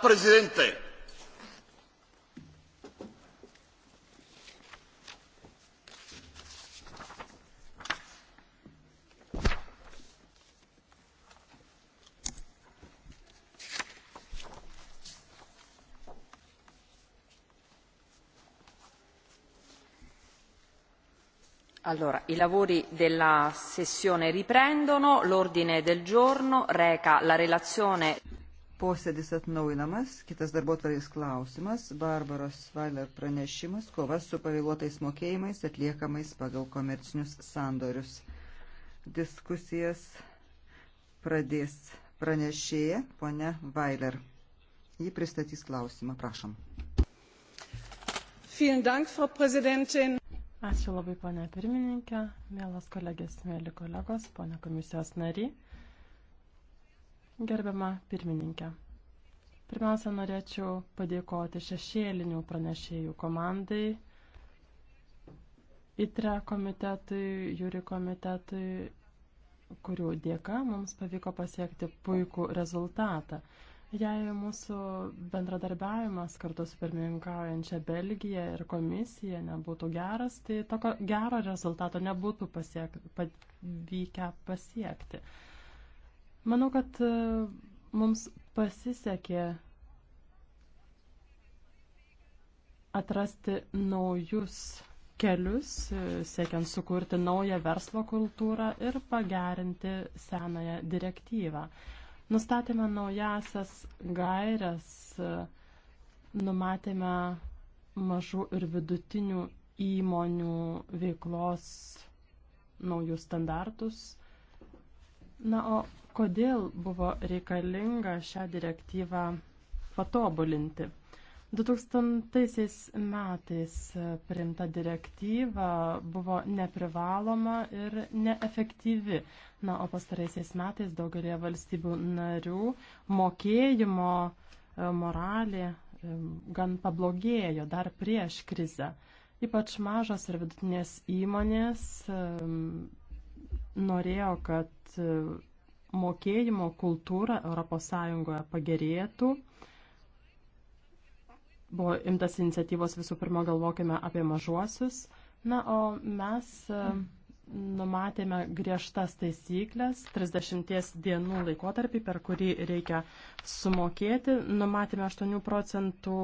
presidente. Allora, i lavori della sessione riprendono l'ordine del giorno reca la relazione Posėdis atnaujinamas, kitas darbotvarkės klausimas, Barbaros Vailer pranešimas, kova su pavėluotais mokėjimais atliekamais pagal komercinius sandorius. Diskusijas pradės pranešėja ponia Vailer. Ji pristatys klausimą, prašom. Dank, Ačiū labai, ponia pirmininkė, mielas kolegės, mėly kolegos, ponia komisijos nariai. Gerbiama pirmininkė. Pirmiausia, norėčiau padėkoti šešėlinių pranešėjų komandai, ITRE komitetui, Jūri komitetui, kurių dėka mums pavyko pasiekti puikų rezultatą. Jei mūsų bendradarbiavimas kartu su pirmininkaujančia Belgija ir komisija nebūtų geras, tai tokio gero rezultato nebūtų pasiek, pavykę pasiekti. Manau, kad e, mums pasisekė atrasti naujus kelius, e, siekiant sukurti naują verslo kultūrą ir pagerinti senąją direktyvą. Nustatėme naujasias gairias, e, numatėme mažų ir vidutinių įmonių veiklos naujus standartus. Na, o Kodėl buvo reikalinga šią direktyvą patobulinti? 2000 metais priimta direktyva buvo neprivaloma ir neefektyvi. Na, o pastaraisiais metais daugelėje valstybių narių mokėjimo e, moralė e, gan pablogėjo dar prieš krizę. Ypač mažos ir vidutinės įmonės e, norėjo, kad mokėjimo kultūra ES pagerėtų. Buvo imtas iniciatyvos visų pirma galvokime apie mažuosius. Na, o mes e, numatėme griežtas taisyklės, 30 dienų laikotarpį, per kurį reikia sumokėti, numatėme 8 procentų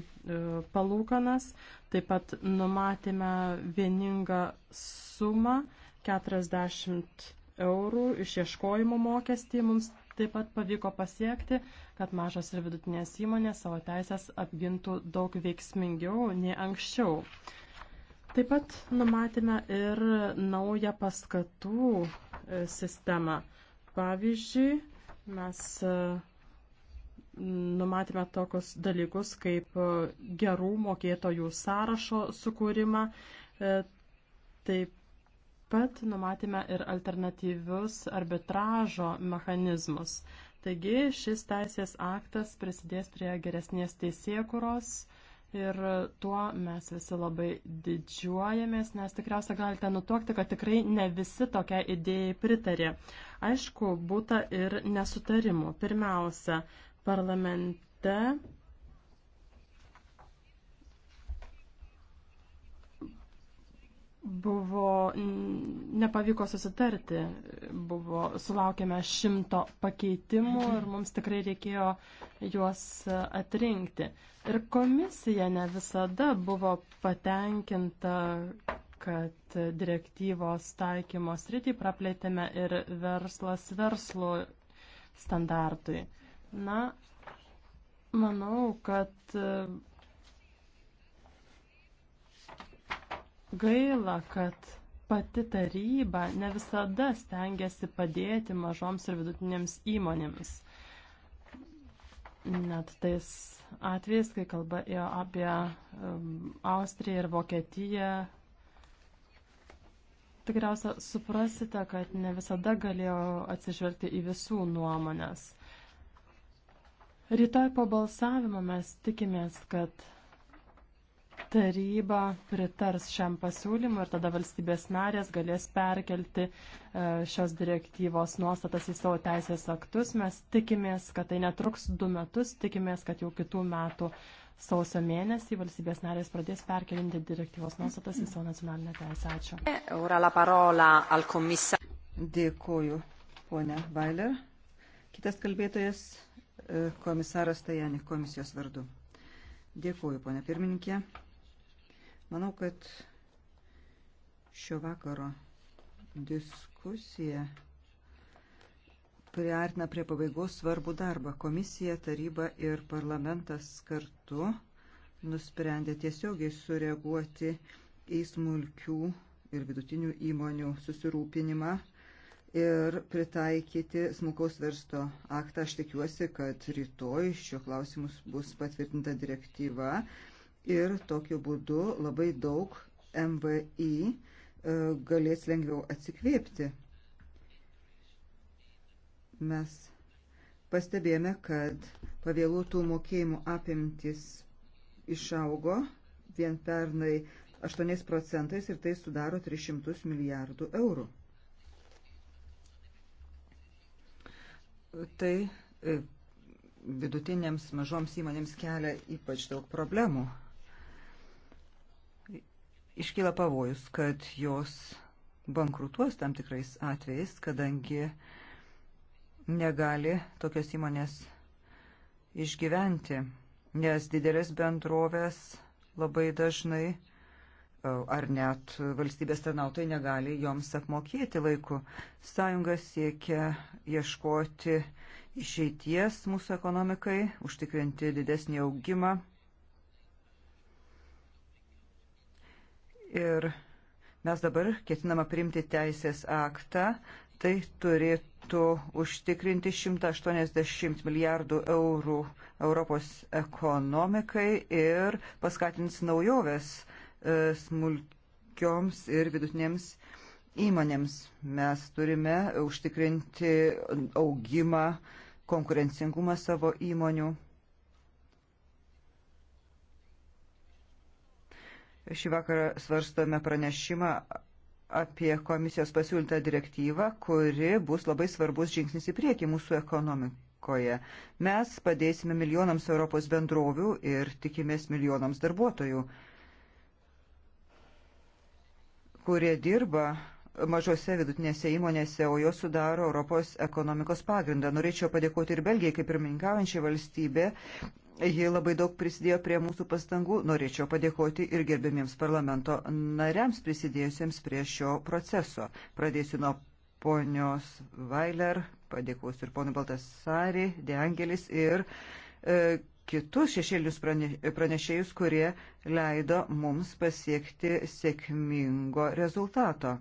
e, palūkanas, taip pat numatėme vieningą sumą 40 eurų išieškojimo mokestį mums taip pat pavyko pasiekti, kad mažos ir vidutinės įmonės savo teisės apgintų daug veiksmingiau nei anksčiau. Taip pat numatėme ir naują paskatų e, sistemą. Pavyzdžiui, mes e, numatėme tokius dalykus kaip e, gerų mokėtojų sąrašo sukūrimą, taip pat numatėme ir alternatyvius arbitražo mechanizmus. Taigi šis teisės aktas prisidės prie geresnės teisėkuros ir tuo mes visi labai didžiuojamės, nes tikriausia galite nutuokti, kad tikrai ne visi tokia idėjai pritarė. Aišku, būta ir nesutarimų. Pirmiausia, parlamente buvo, nepavyko susitarti, buvo, sulaukėme šimto pakeitimų ir mums tikrai reikėjo juos atrinkti. Ir komisija ne visada buvo patenkinta, kad direktyvos taikymo sritį praplėtėme ir verslas verslo standartui. Na, manau, kad Gaila, kad pati taryba ne visada stengiasi padėti mažoms ir vidutinėms įmonėms. Net tais atvejais, kai kalba ėjo apie um, Austriją ir Vokietiją, tikriausia suprasite, kad ne visada galėjau atsižvelgti į visų nuomonės. Rytoj po balsavimo mes tikimės, kad taryba pritars šiam pasiūlymui ir tada valstybės narės galės perkelti e, šios direktyvos nuostatas į savo teisės aktus. Mes tikimės, kad tai netruks du metus, tikimės, kad jau kitų metų sausio mėnesį valstybės narės pradės perkelinti direktyvos nuostatas į savo nacionalinę teisę. Ačiū. Dėkuoju, ponia Bailer. Kitas kalbėtojas e, komisaras Tajani komisijos vardu. Dėkuoju, ponia pirmininkė. Manau, kad šio vakaro diskusija priartina prie pabaigos svarbų darbą. Komisija, taryba ir parlamentas kartu nusprendė tiesiogiai sureaguoti į smulkių ir vidutinių įmonių susirūpinimą ir pritaikyti smulkaus versto aktą. Aš tikiuosi, kad rytoj šiuo klausimus bus patvirtinta direktyva ir tokiu būdu labai daug MVI e, galės lengviau atsikvėpti. Mes pastebėjome, kad pavėluotų mokėjimų apimtis išaugo vien pernai 8 procentais ir tai sudaro 300 milijardų eurų. Tai e, vidutinėms mažoms įmonėms kelia ypač daug problemų iškyla pavojus, kad jos bankrutuos tam tikrais atvejais, kadangi negali tokios įmonės išgyventi, nes didelės bendrovės labai dažnai e, ar net valstybės tarnautojai negali joms apmokėti laiku. Sąjunga siekia ieškoti išeities mūsų ekonomikai, užtikrinti didesnį augimą Ir mes dabar ketinama priimti teisės aktą, tai turėtų užtikrinti 180 milijardų eurų Europos ekonomikai ir paskatins naujoves e, smulkioms ir vidutinėms įmonėms. Mes turime užtikrinti augimą, konkurencingumą savo įmonių. Šį vakarą svarstome pranešimą apie komisijos pasiūlytą direktyvą, kuri bus labai svarbus žingsnis į priekį mūsų ekonomikoje. Mes padėsime milijonams Europos bendrovių ir tikimės milijonams darbuotojų, kurie dirba mažose vidutinėse įmonėse, o jos sudaro Europos ekonomikos pagrindą. Norėčiau padėkoti ir Belgijai kaip pirmininkaujančiai valstybė Ji labai daug prisidėjo prie mūsų pastangų. Norėčiau padėkoti ir gerbėmiems parlamento nariams prisidėjusiems prie šio proceso. Pradėsiu nuo ponios Vailer, padėkosiu ir ponui Baltasarį, Deangelis ir e, kitus šešėlius pranešėjus, kurie leido mums pasiekti sėkmingo rezultato.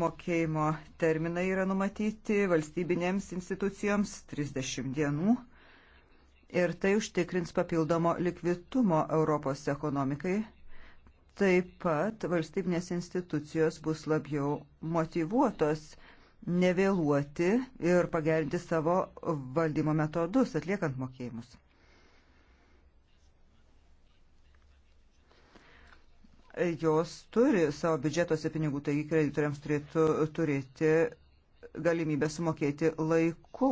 Mokėjimo terminai yra numatyti valstybinėms institucijoms 30 dienų ir tai užtikrins papildomo likvidumo Europos ekonomikai. Taip pat valstybinės institucijos bus labiau motivuotos nevėluoti ir pagerinti savo valdymo metodus atliekant mokėjimus. jos turi savo biudžetuose pinigų, taigi kreditoriams turėtų turėti galimybę sumokėti laiku.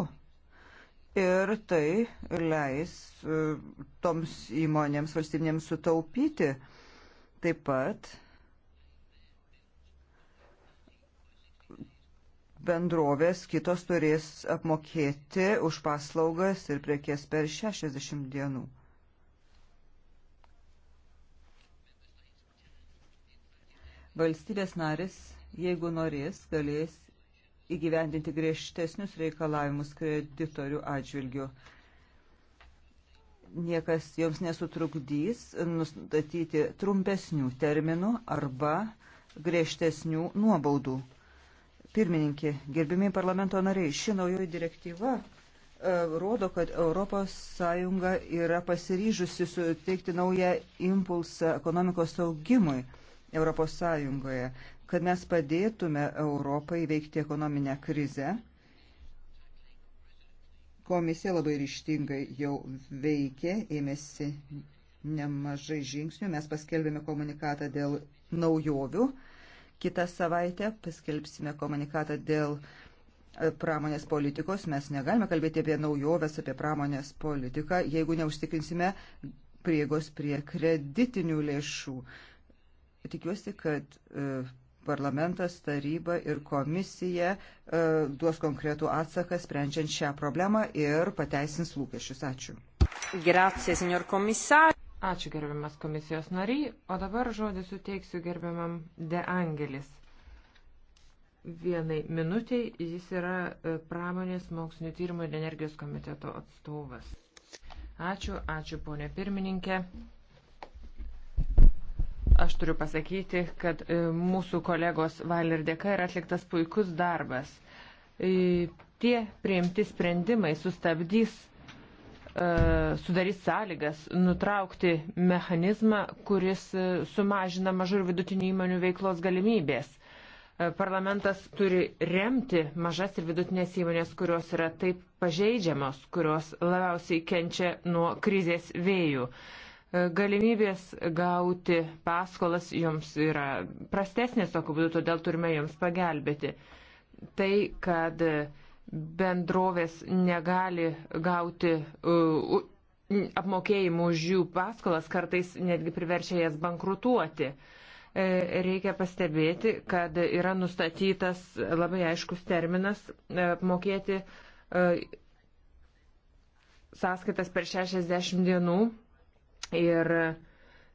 Ir tai leis e, toms įmonėms valstybinėms sutaupyti. Taip pat bendrovės kitos turės apmokėti už paslaugas ir prekės per 60 dienų. Valstybės narės, jeigu norės, galės įgyvendinti griežtesnius reikalavimus kreditorių atžvilgių. Niekas joms nesutrukdys nustatyti trumpesnių terminų arba griežtesnių nuobaudų. Pirmininkė, gerbimiai parlamento nariai, ši naujoji direktyva e, rodo, kad ES yra pasiryžusi suteikti naują impulsą ekonomikos augimui. Europos Sąjungoje, kad mes padėtume Europai veikti ekonominę krizę. Komisija labai ryštingai jau veikė, ėmėsi nemažai žingsnių. Mes paskelbėme komunikatą dėl naujovių. Kitą savaitę paskelbsime komunikatą dėl e, pramonės politikos. Mes negalime kalbėti apie naujoves, apie pramonės politiką, jeigu neužtikrinsime priegos prie kreditinių lėšų tikiuosi, kad e, parlamentas, taryba ir komisija e, duos konkretų atsaką sprendžiant šią problemą ir pateisins lūkesčius. Ačiū. Grazie, signor komisar. Ačiū gerbiamas komisijos nariai, o dabar žodį suteiksiu gerbiamam De Angelis. Vienai minutiai jis yra e, pramonės mokslinio tyrimo ir energijos komiteto atstovas. Ačiū, ačiū ponė pirmininkė aš turiu pasakyti, kad e, mūsų kolegos Valer dėka yra atliktas puikus darbas. E, tie priimti sprendimai sustabdys, e, sudarys sąlygas nutraukti mechanizmą, kuris sumažina mažų ir vidutinių įmonių veiklos galimybės. Parlamentas turi remti mažas ir vidutinės įmonės, kurios yra taip pažeidžiamos, kurios labiausiai kenčia nuo krizės vėjų. Galimybės gauti paskolas jums yra prastesnės tokiu būdu, todėl turime jums pagelbėti. Tai, kad bendrovės negali gauti apmokėjimų už jų paskolas, kartais netgi priverčia jas bankrutuoti e, reikia pastebėti, kad yra nustatytas labai aiškus terminas e, apmokėti e, sąskaitas per 60 dienų Ir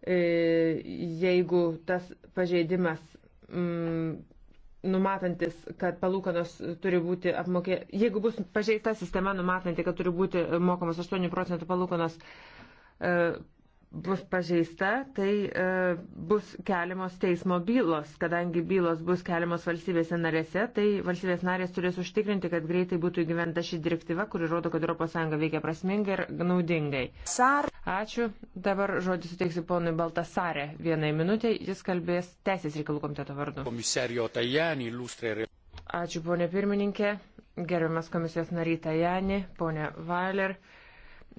e, jeigu tas pažeidimas mm, numatantis, kad palūkanos turi būti apmokė, jeigu bus pažeista sistema numatanti, kad turi būti mokamos 8 procentų palūkanos e, bus pažeista, tai e, bus keliamos teismo bylos. Kadangi bylos bus keliamos valstybėse narėse, tai valstybės narės turės užtikrinti, kad greitai būtų įgyventa ši direktyva, kuri rodo, kad ES veikia prasmingai ir naudingai. Sar. Ačiū. Dabar žodį suteiksiu ponui Baltasarė. Vienai minutė jis kalbės Teisės reikalų komiteto vardu. Komisario Tajani, iliustrė. Ačiū, ponė pirmininkė, gerbiamas komisijos naryta Jani, ponė Valer.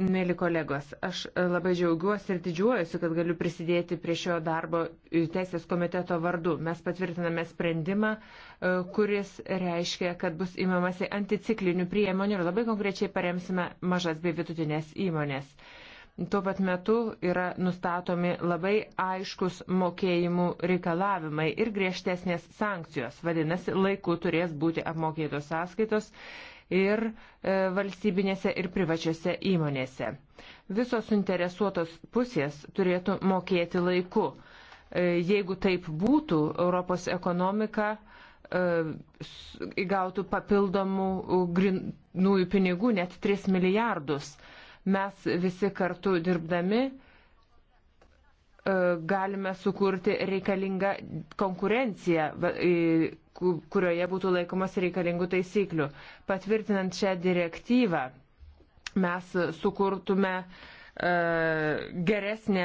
Mėly kolegos, aš labai džiaugiuosi ir didžiuojuosi, kad galiu prisidėti prie šio darbo Teisės komiteto vardu. Mes patvirtiname sprendimą, e, kuris reiškia, kad bus įmamasi anticiklinių priemonių ir labai konkrečiai paremsime mažas bei vidutinės įmonės. Tuo pat metu yra nustatomi labai aiškus mokėjimų reikalavimai ir griežtesnės sankcijos. Vadinasi, laiku turės būti apmokėtos sąskaitos ir e, valstybinėse ir privačiose įmonėse. Visos suinteresuotos pusės turėtų mokėti laiku. E, jeigu taip būtų, Europos ekonomika e, įgautų papildomų grinųjų pinigų net 3 milijardus. Mes visi kartu dirbdami galime sukurti reikalingą konkurenciją kurioje būtų laikomas reikalingų taisyklių. Patvirtinant šią direktyvą, mes sukurtume e, geresnę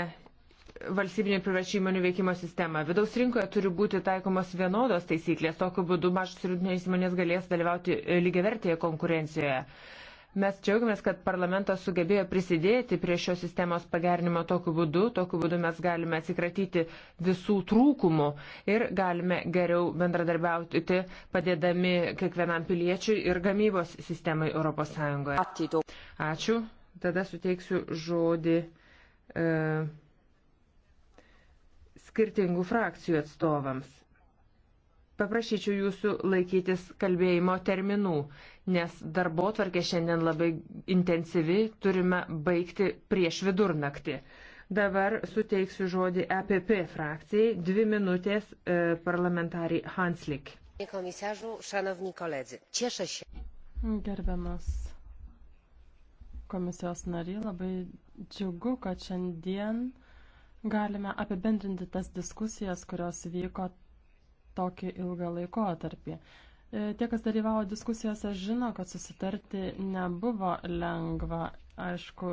valstybinio privačių įmonių veikimo sistemą. Vidaus rinkoje turi būti taikomos vienodos taisyklės, tokiu būdu mažos ir vidutinės įmonės galės dalyvauti lygiavertėje konkurencijoje. Mes džiaugiamės, kad parlamentas sugebėjo prisidėti prie šios sistemos pagernimo tokiu būdu. Tokiu būdu mes galime atsikratyti visų trūkumų ir galime geriau bendradarbiauti, padėdami kiekvienam piliečiui ir gamybos sistemai ES. Ačiū. Tada suteiksiu žodį e, skirtingų frakcijų atstovams paprašyčiau jūsų laikytis kalbėjimo terminų, nes darbo tvarkė šiandien labai intensyvi, turime baigti prieš vidurnaktį. Dabar suteiksiu žodį EPP frakcijai, dvi minutės e, parlamentariai Hanslik. Gerbiamas komisijos nariai, labai džiugu, kad šiandien galime apibendrinti tas diskusijas, kurios vyko tokį ilgą laikotarpį. E, tie, kas dalyvavo diskusijose, žino, kad susitarti nebuvo lengva. Aišku,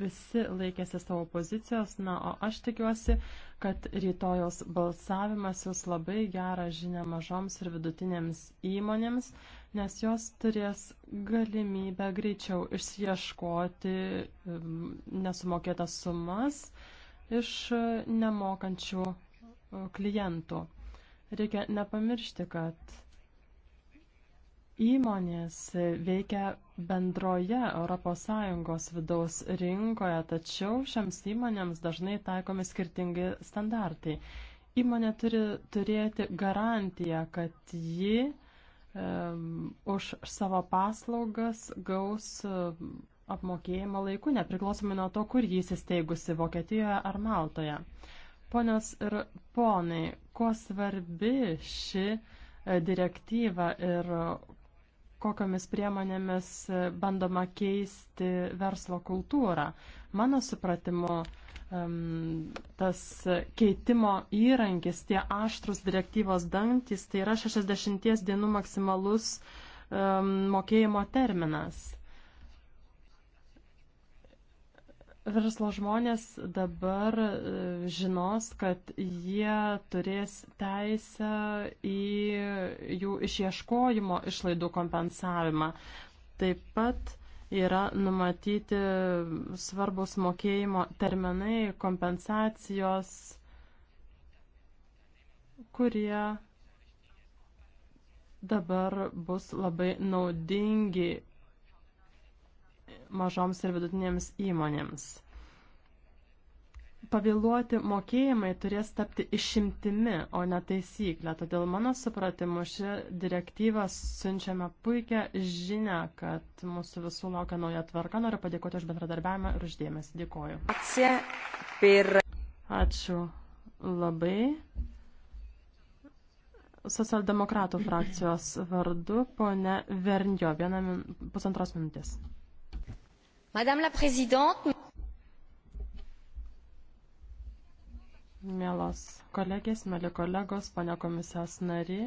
visi laikėsi savo pozicijos, na, o aš tikiuosi, kad rytojos balsavimas jūs labai gerą žinę mažoms ir vidutinėms įmonėms, nes jos turės galimybę greičiau išsieškoti um, nesumokėtas sumas iš uh, nemokančių klientų. Reikia nepamiršti, kad įmonės veikia bendroje ES vidaus rinkoje, tačiau šiams įmonėms dažnai taikomi skirtingi standartai. Įmonė turi turėti garantiją, kad ji um, už savo paslaugas gaus um, apmokėjimą laiku, nepriklausomai nuo to, kur jis įsteigusi - Vokietijoje ar Maltoje. Uh, Ponios ir ponai, kuo svarbi ši e, direktyva ir kokiamis priemonėmis e, bandoma keisti verslo kultūrą. Mano supratimu, tas keitimo įrankis, tie aštrus direktyvos dantys, tai yra 60 dienų maksimalus mokėjimo terminas. verslo žmonės dabar e, žinos, kad jie turės teisę į jų išieškojimo išlaidų kompensavimą. Taip pat yra numatyti svarbus mokėjimo terminai, kompensacijos, kurie dabar bus labai naudingi mažoms ir vidutinėms įmonėms. Pavėluoti mokėjimai turės tapti išimtimi, o ne taisyklę. Todėl mano supratimu šią direktyvą siunčiame puikią žinę, kad mūsų visų laukia nauja tvarka. Noriu padėkoti už bendradarbiavimą ir uždėmesį. Dėkoju. Ačiū labai. Socialdemokratų frakcijos vardu, pone Vernjo, vieną min, pusantros minutės. Madame la Présidente. Mielos kolegės, mėly kolegos, pane komisijos nariai,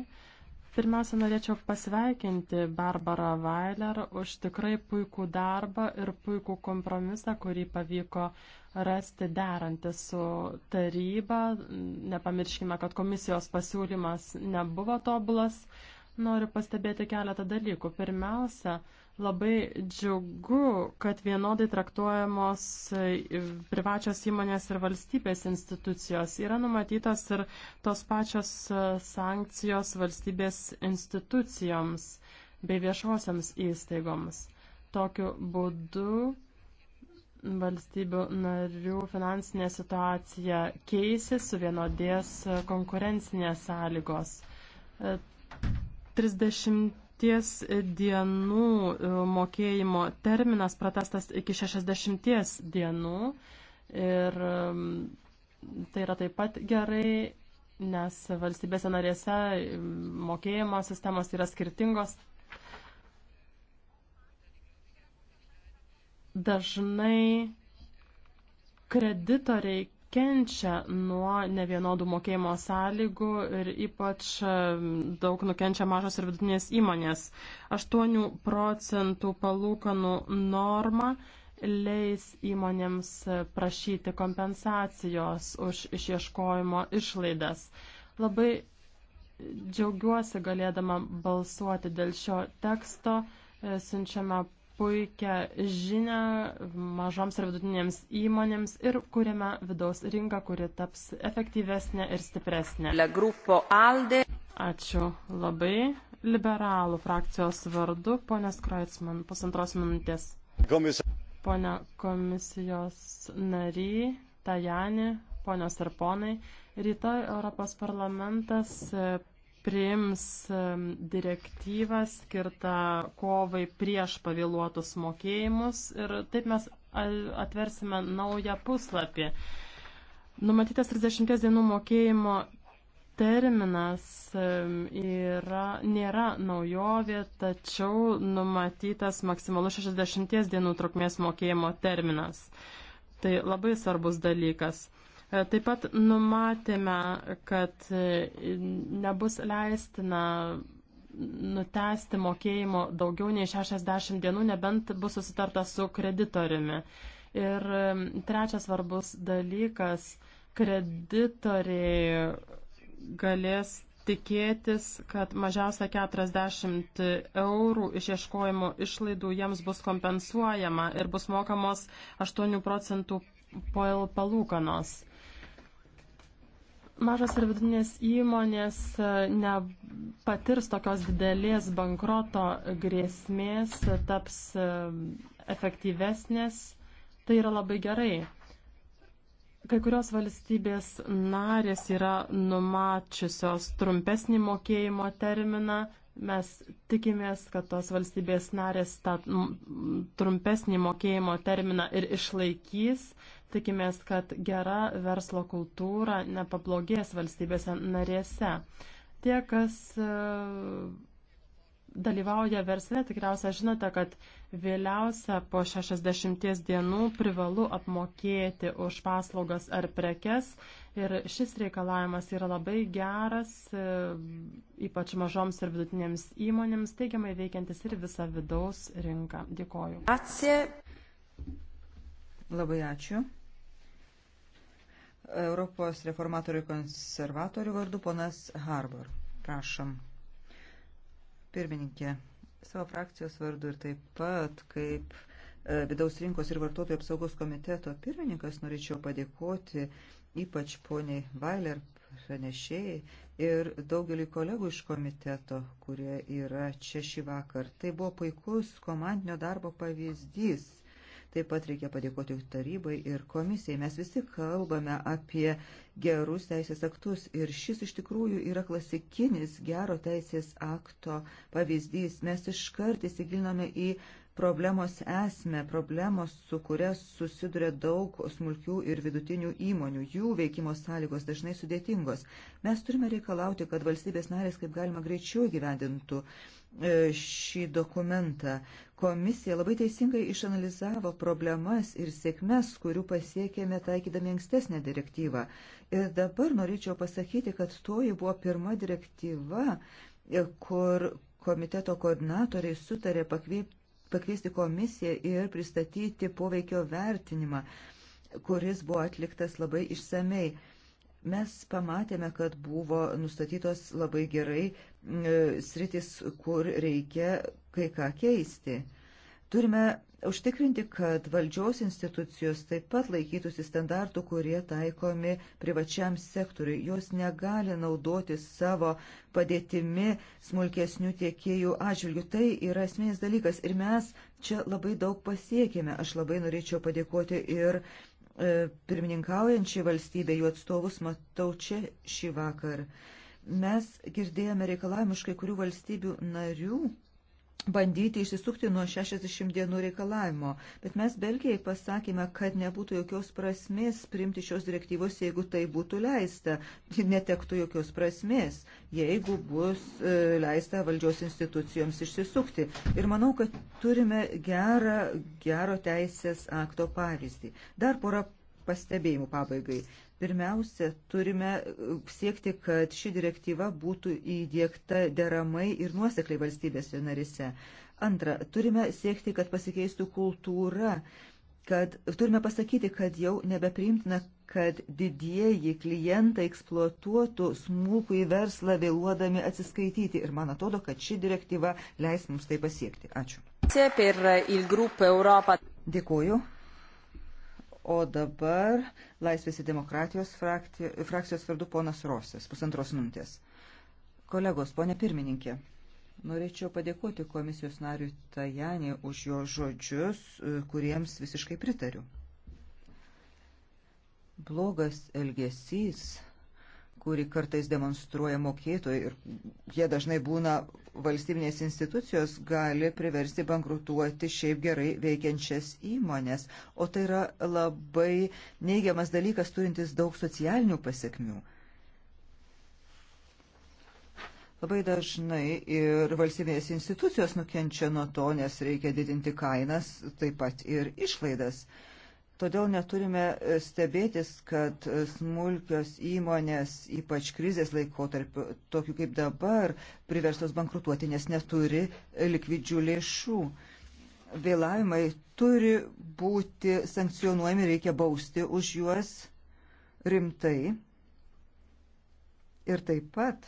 pirmiausia, norėčiau pasveikinti Barbarą Vailer už tikrai puikų darbą ir puikų kompromisą, kurį pavyko rasti derantį su taryba. Nepamirškime, kad komisijos pasiūlymas nebuvo tobulas. Noriu pastebėti keletą dalykų. Pirmiausia, Labai džiugu, kad vienodai traktuojamos e, privačios įmonės ir valstybės institucijos. Yra numatytos ir tos pačios e, sankcijos valstybės institucijoms bei viešosiams įstaigoms. Tokiu būdu valstybių narių finansinė situacija keisis, suvienodės e, konkurencinės sąlygos. 30 dešimties dienų e, mokėjimo terminas pratestas iki šešiasdešimties dienų ir e, tai yra taip pat gerai, nes valstybėse narėse e, mokėjimo sistemos yra skirtingos. Dažnai kreditoriai kenčia nuo nevienodų mokėjimo sąlygų ir ypač daug nukenčia mažos ir vidutinės įmonės. 8 procentų palūkanų norma leis įmonėms prašyti kompensacijos už išieškojimo išlaidas. Labai džiaugiuosi galėdama balsuoti dėl šio teksto. E, siunčiame puikią žinę mažoms ir vidutinėms įmonėms ir kuriame vidaus rinką, kuri taps efektyvesnė ir stipresnė. Ačiū labai. Liberalų frakcijos vardu, ponės Kreutzmann, pusantros minutės. Pone komisijos nary, Tajani, ponios ir ponai, rytoj Europos parlamentas priims direktyvą skirtą kovai prieš pavėluotus mokėjimus ir taip mes atversime naują puslapį. Numatytas 30 dienų mokėjimo terminas yra, nėra naujovė, tačiau numatytas maksimalus 60 dienų trukmės mokėjimo terminas. Tai labai svarbus dalykas. Taip pat numatėme, kad nebus leistina nutesti mokėjimo daugiau nei 60 dienų, nebent bus susitarta su kreditoriumi. Ir um, trečias svarbus dalykas - kreditoriai galės tikėtis, kad mažiausia 40 eurų išieškojimo išlaidų jiems bus kompensuojama ir bus mokamos 8 procentų palūkanos mažos ir vidutinės įmonės e, nepatirs tokios didelės bankroto grėsmės, taps e, efektyvesnės. Tai yra labai gerai. Kai kurios valstybės narės yra numačiusios trumpesnį mokėjimo terminą. Mes tikimės, kad tos valstybės narės tą trumpesnį mokėjimo terminą ir išlaikys, Tikimės, kad gera verslo kultūra nepablogės valstybėse narėse. Tie, kas e, dalyvauja versle, tikriausiai žinote, kad vėliausia po 60 dienų privalu apmokėti už paslaugas ar prekes. Ir šis reikalavimas yra labai geras, e, ypač mažoms ir vidutinėms įmonėms, teigiamai veikiantis ir visą vidaus rinką. Dėkoju. Ačiū. Labai ačiū. Europos reformatorių konservatorių vardu ponas Harbor. Prašom. Pirmininkė, savo frakcijos vardu ir taip pat kaip e, vidaus rinkos ir vartotojų apsaugos komiteto pirmininkas norėčiau padėkoti ypač poniai Vailer pranešėjai ir daugeliu kolegų iš komiteto, kurie yra čia šį vakar. Tai buvo puikus komandinio darbo pavyzdys Taip pat reikia padėkoti tarybai ir komisijai. Mes visi kalbame apie gerus teisės aktus ir šis iš tikrųjų yra klasikinis gero teisės akto pavyzdys. Mes iškart įsigilinome į problemos esmę, problemos, su kuria susiduria daug smulkių ir vidutinių įmonių. Jų veikimo sąlygos dažnai sudėtingos. Mes turime reikalauti, kad valstybės narės kaip galima greičiau gyvendintų E, šį dokumentą. Komisija labai teisingai išanalizavo problemas ir sėkmes, kurių pasiekėme taikydami ankstesnę direktyvą. Ir dabar norėčiau pasakyti, kad toji buvo pirma direktyva, e, kur komiteto koordinatoriai sutarė pakviesti komisiją ir pristatyti poveikio vertinimą, kuris buvo atliktas labai išsamei. Mes pamatėme, kad buvo nustatytos labai gerai e, sritis, kur reikia kai ką keisti. Turime užtikrinti, kad valdžios institucijos taip pat laikytųsi standartų, kurie taikomi privačiam sektoriui. Jos negali naudoti savo padėtimi smulkesnių tiekėjų atžvilgių. Tai yra esminis dalykas ir mes čia labai daug pasiekėme. Aš labai norėčiau padėkoti ir uh, E, pirmininkaujančiai valstybė, jų atstovus matau čia šį vakar. Mes girdėjome reikalavimus kai kurių valstybių narių bandyti išsisukti nuo 60 dienų reikalavimo. Bet mes Belgijai pasakėme, kad nebūtų jokios prasmės priimti šios direktyvos, jeigu tai būtų leista. Netektų jokios prasmės, jeigu bus e, leista valdžios institucijoms išsisukti. Ir manau, kad turime gerą, gero teisės akto pavyzdį. Dar porą pastebėjimų pabaigai. Pirmiausia, turime uh, siekti, kad ši direktyva būtų įdėkta deramai ir nuosekliai valstybėse narise. Antra, turime siekti, kad pasikeistų kultūra, kad turime pasakyti, kad jau nebepriimtina, kad didieji klientai eksploatuotų smulkų į verslą vėluodami atsiskaityti. Ir man atrodo, kad ši direktyva leis mums tai pasiekti. Ačiū. Dėkuoju. O dabar Laisvės ir demokratijos frakcijos vardu ponas Rosės, pusantros minutės. Kolegos, ponė pirmininkė, norėčiau padėkoti komisijos nariui Tajanį už jo žodžius, kuriems visiškai pritariu. Blogas elgesys kurį kartais demonstruoja mokėtojai ir jie dažnai būna valstybinės institucijos gali priversti bankrutuoti šiaip gerai veikiančias įmonės, o tai yra labai neigiamas dalykas turintis daug socialinių pasiekmių. Labai dažnai ir valstybinės institucijos nukenčia nuo to, nes reikia didinti kainas, taip pat ir išlaidas. Uh, Todėl neturime e, stebėtis, kad e, smulkios įmonės, ypač krizės laikotarpiu, tokių kaip dabar, priverstos bankrutuoti, nes neturi likvidžių lėšų. Vėlavimai turi būti sankcionuojami, reikia bausti už juos rimtai. Ir taip pat,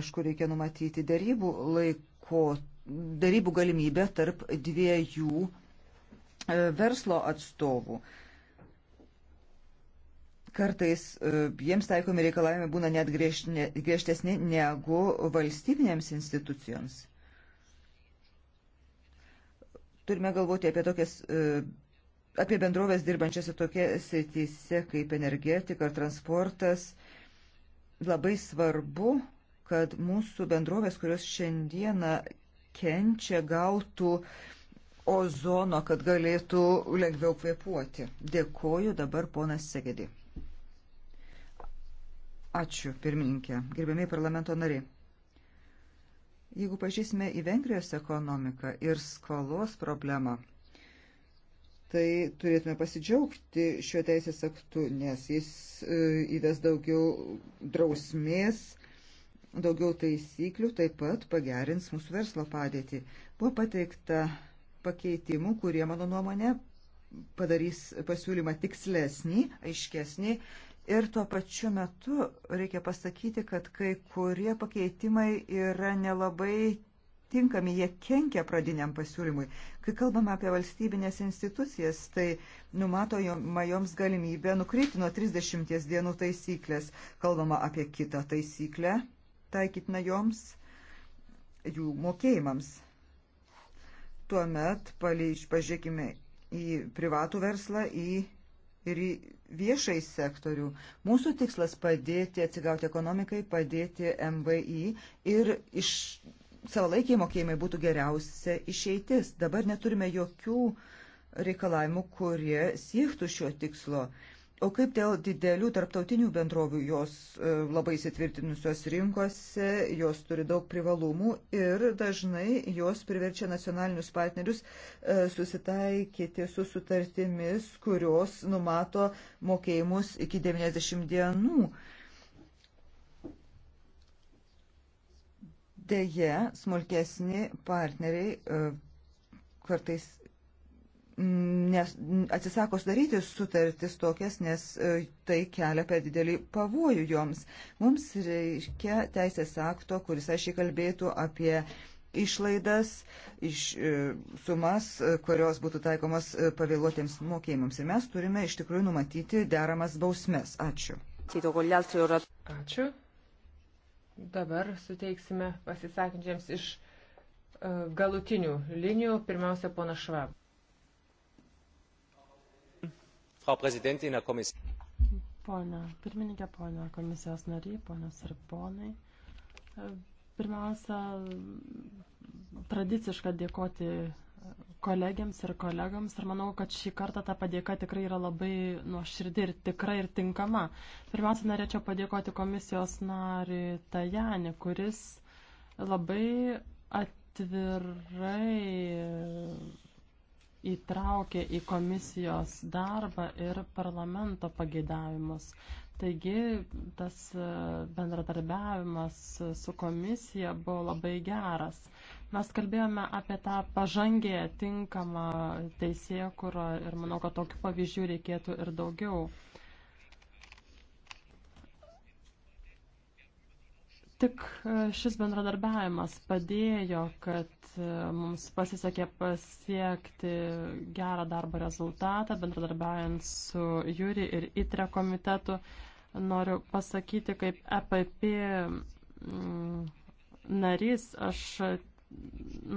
aišku, reikia numatyti darybų laiko, darybų galimybę tarp dviejų E, verslo atstovų. Kartais e, jiems taikomi reikalavimai būna net griežtesni negu valstybinėms institucijoms. Turime galvoti apie tokias e, apie bendrovės dirbančias tokie srityse kaip energetika ar transportas. Labai svarbu, kad mūsų bendrovės, kurios šiandieną kenčia, gautų uh, ozono, kad galėtų lengviau kvepuoti. Dėkoju dabar ponas Segedi. Ačiū, pirmininkė. Gerbiamiai parlamento nariai. Jeigu pažįsime į Vengrijos ekonomiką ir skolos problemą, tai turėtume pasidžiaugti šiuo teisės aktu, nes jis e, įves daugiau drausmės, daugiau taisyklių, taip pat pagerins mūsų verslo padėtį. Buvo pateikta pakeitimų, kurie, mano nuomonė, padarys pasiūlymą tikslesnį, aiškesnį. Ir tuo pačiu metu reikia pasakyti, kad kai kurie pakeitimai yra nelabai tinkami, jie kenkia pradiniam pasiūlymui. Kai kalbame apie valstybinės institucijas, tai numato joms galimybę nukreipti nuo 30 dienų taisyklės. Kalbama apie kitą taisyklę, taikytina joms jų mokėjimams tuomet pažiūrėkime į privatų verslą, į ir į viešai sektorių. Mūsų tikslas padėti atsigauti ekonomikai, padėti MVI ir iš savalaikiai mokėjimai būtų geriausia išeitis. Dabar neturime jokių reikalavimų, kurie siektų šio tikslo. Uh, O kaip dėl didelių tarptautinių bendrovių, jos e, labai įsitvirtinusios rinkose, jos turi daug privalumų ir dažnai jos priverčia nacionalinius partnerius e, susitaikyti su sutartimis, kurios numato mokėjimus iki 90 dienų. Deja, smulkesni partneriai e, kartais Mm, nes mm, atsisako sudaryti sutartis tokias, nes e, tai kelia per didelį pavojų joms. Mums reikia teisės akto, kuris aiškiai kalbėtų apie išlaidas, iš e, sumas, e, kurios būtų taikomas pavėluotiems mokėjimams. Ir mes turime iš tikrųjų numatyti deramas bausmes. Ačiū. Ačiū. Dabar suteiksime pasisakančiams iš galutinių linijų. Pirmiausia, pona Švab. Frau Präsidentin, Herr Kommissar. Pone pirmininkė, pone komisijos nariai, ponios ir ponai. Pirmiausia, tradiciška dėkoti kolegiams ir kolegams ir manau, kad šį kartą ta padėka tikrai yra labai nuoširdi ir tikra ir tinkama. Pirmiausia, norėčiau padėkoti komisijos nariui Tajani, kuris labai atvirai įtraukė į komisijos darbą ir parlamento pageidavimus. Taigi tas e, bendradarbiavimas su komisija buvo labai geras. Mes kalbėjome apie tą pažangę tinkamą teisėkurą ir manau, kad tokių pavyzdžių reikėtų ir daugiau. Tik e, šis bendradarbiavimas padėjo, kad e, mums pasisekė pasiekti gerą darbo rezultatą, bendradarbiaujant su Jūri ir ITRE komitetu. Noriu pasakyti, kaip EPP mm, narys, aš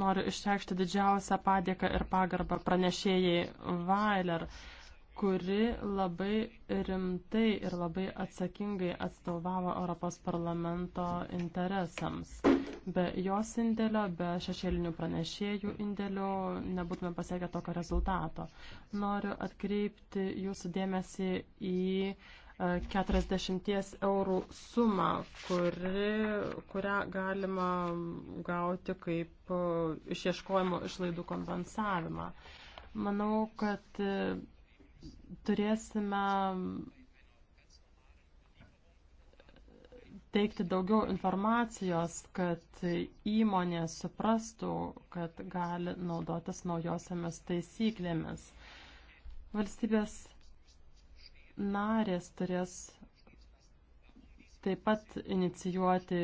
noriu išreikšti didžiausią padėką ir pagarbą pranešėjai Vailer kuri labai rimtai ir labai atsakingai atstovavo Europos parlamento interesams. Be jos indėlio, be šešėlinių pranešėjų indėlių nebūtume pasiekę tokio rezultato. Noriu atkreipti jūsų dėmesį į 40 e, eurų sumą, kuri, kurią galima gauti kaip e, išieškojimo išlaidų kompensavimą. Manau, kad turėsime teikti daugiau informacijos, kad įmonė suprastų, kad gali naudotis naujosiamis taisyklėmis. Valstybės narės turės taip pat inicijuoti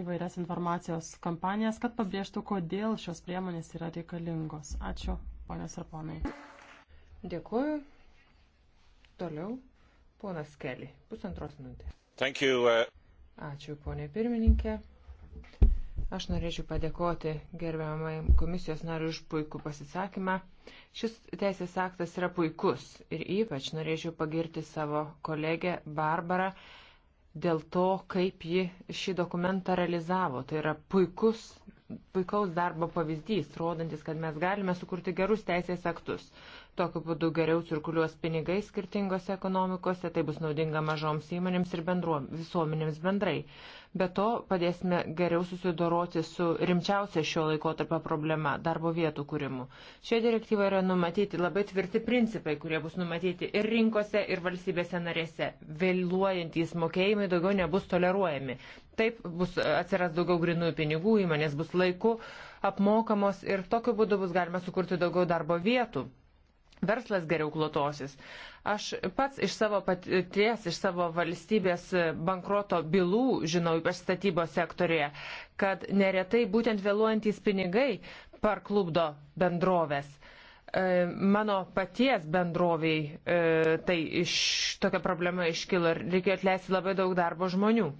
įvairias informacijos kampanijas, kad pabrėžtų, kodėl šios priemonės yra reikalingos. Ačiū, ponios ir ponai. Dėkuoju. Toliau ponas Keli, pusantros minutės. Thank you, uh... Ačiū, ponė pirmininkė. Aš norėčiau padėkoti gerbiamai komisijos nariu už puikų pasisakymą. Šis teisės aktas yra puikus ir ypač norėčiau pagirti savo kolegę Barbarą dėl to, kaip ji šį dokumentą realizavo. Tai yra puikus, puikaus darbo pavyzdys, rodantis, kad mes galime sukurti gerus teisės aktus. Uh, Tokiu būdu geriau cirkuliuos pinigai skirtingose ekonomikose, tai bus naudinga mažoms įmonėms ir bendruom, visuomenėms bendrai. Be to padėsime geriau susidoroti su rimčiausia šio laikotarpio problema - darbo vietų kūrimu. Šioje direktyvoje yra numatyti labai tvirti principai, kurie bus numatyti ir rinkose, ir valstybėse narėse. Vėluojantys mokėjimai daugiau nebus toleruojami. Taip bus, atsiras daugiau grinųjų pinigų, įmonės bus laiku apmokamos ir tokiu būdu bus galima sukurti daugiau darbo vietų verslas geriau klotosis. Aš pats iš savo patirties, iš savo valstybės bankroto bylų žinau, ypač statybos sektorėje, kad neretai būtent vėluojantys pinigai parklubdo bendrovės e, mano paties bendroviai e, tai iš tokia problema iškilo ir reikėjo atleisti labai daug darbo žmonių.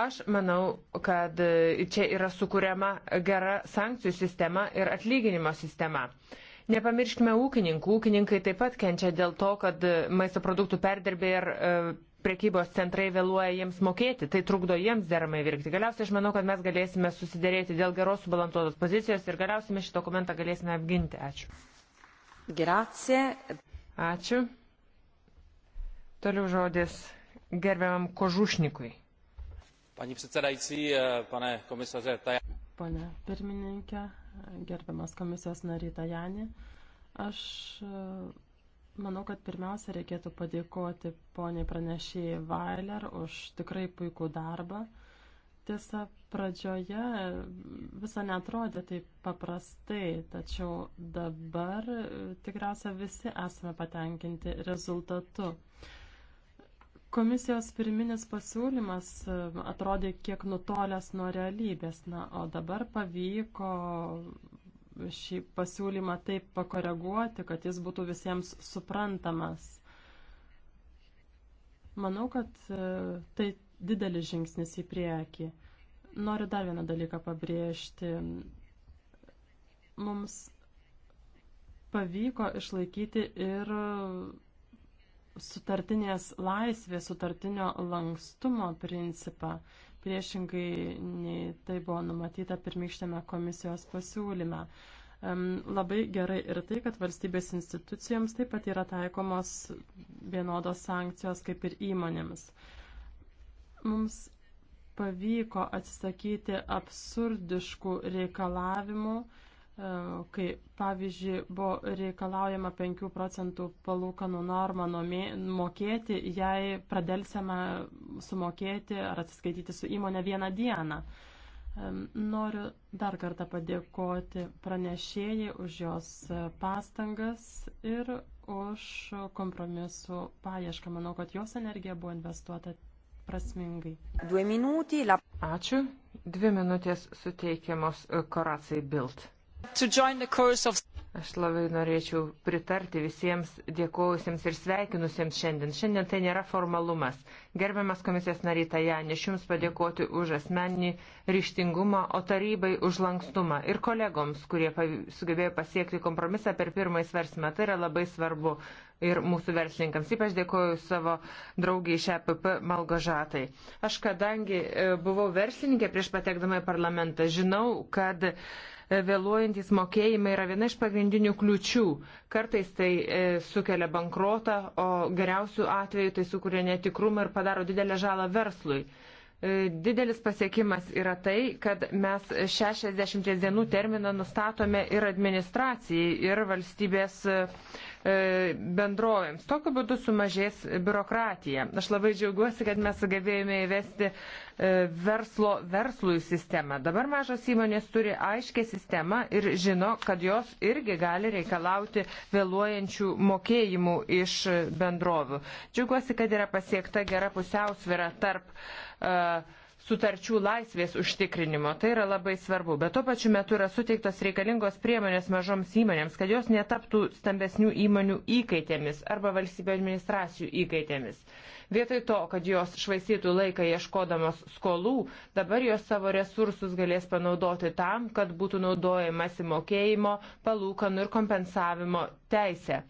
Aš manau, kad e, čia yra sukūriama gera sankcijų sistema ir atlyginimo sistema. Uh, Nepamirškime ūkininkų. Ūkininkai taip pat kenčia dėl to, kad maisto produktų perdirbė ir e, prekybos centrai vėluoja jiems mokėti, tai trukdo jiems deramai virkti. Galiausiai aš manau, kad mes galėsime susidėrėti dėl geros subalansuotos pozicijos ir galiausiai mes šį dokumentą galėsime apginti. Ačiū. Grazie. Ačiū. Toliau žodis gerbiamam Kožušnikui. Pani předsedající, pane e, komisaře Tajani. Pane pirmininkė, gerbiamas komisijos nary Tajani. Aš e, manau, kad pirmiausia reikėtų padėkoti poniai pranešėjai Vailer už tikrai puikų darbą. Tiesa, pradžioje visą netrodė taip paprastai, tačiau dabar tikriausia visi esame patenkinti rezultatu. Uh, Komisijos pirminis pasiūlymas e, atrodė kiek nutolęs nuo realybės, na, o dabar pavyko šį pasiūlymą taip pakoreguoti, kad jis būtų visiems suprantamas. Manau, kad e, tai didelis žingsnis į priekį. Noriu dar vieną dalyką pabrėžti. Mums pavyko išlaikyti ir sutartinės laisvės, sutartinio lankstumo principą, priešingai nei tai buvo numatyta pirmykštėme komisijos pasiūlyme. Labai gerai ir tai, kad valstybės institucijoms taip pat yra taikomos vienodos sankcijos kaip ir įmonėms. Mums pavyko atsisakyti absurdiškų reikalavimų, E, kai pavyzdžiui buvo reikalaujama 5 procentų palūkanų normą mokėti, jei pradelsiama sumokėti ar atsiskaityti su įmonė vieną dieną. E, noriu dar kartą padėkoti pranešėjai už jos pastangas ir už kompromisų paiešką. Manau, kad jos energija buvo investuota prasmingai. Dvi minutį. La... Ačiū. Dvi minutės suteikiamos Koracijai Bild. Aš labai norėčiau pritarti visiems dėkojusiems ir sveikinusiems šiandien. Šiandien tai nėra formalumas. Gerbiamas komisijos nariai Tajanė, aš Jums padėkoti už asmeninį ryštingumą, o tarybai už lankstumą ir kolegoms, kurie sugebėjo pasiekti kompromisą per pirmąjį svarsmą. Tai yra labai svarbu ir mūsų verslininkams. Ypač dėkoju savo draugiai iš EPP Malgožatai. Aš kadangi e, buvau verslininkė prieš patekdama į parlamentą, žinau, kad e, vėluojantis mokėjimai yra viena iš pagrindinių kliučių. Kartais tai e, sukelia bankrotą, o geriausių atveju tai sukuria netikrumą ir padaro didelę žalą verslui. Didelis pasiekimas yra tai, kad mes 60 dienų terminą nustatome ir administracijai, ir valstybės uh, E, bendrovėms. Tokiu būdu sumažės biurokratija. Aš labai džiaugiuosi, kad mes sugebėjome įvesti e, verslo verslui sistemą. Dabar mažos įmonės turi aiškę sistemą ir žino, kad jos irgi gali reikalauti vėluojančių mokėjimų iš bendrovių. Džiaugiuosi, kad yra pasiekta gera pusiausvėra tarp uh, sutarčių laisvės užtikrinimo. Tai yra labai svarbu. Bet tuo pačiu metu yra suteiktos reikalingos priemonės mažoms įmonėms, kad jos netaptų stambesnių įmonių įkaitėmis arba valstybių administracijų įkaitėmis. Vietoj to, kad jos švaistytų laiką ieškodamos skolų, dabar jos savo resursus galės panaudoti tam, kad būtų naudojamasi mokėjimo, palūkanų ir kompensavimo teisė.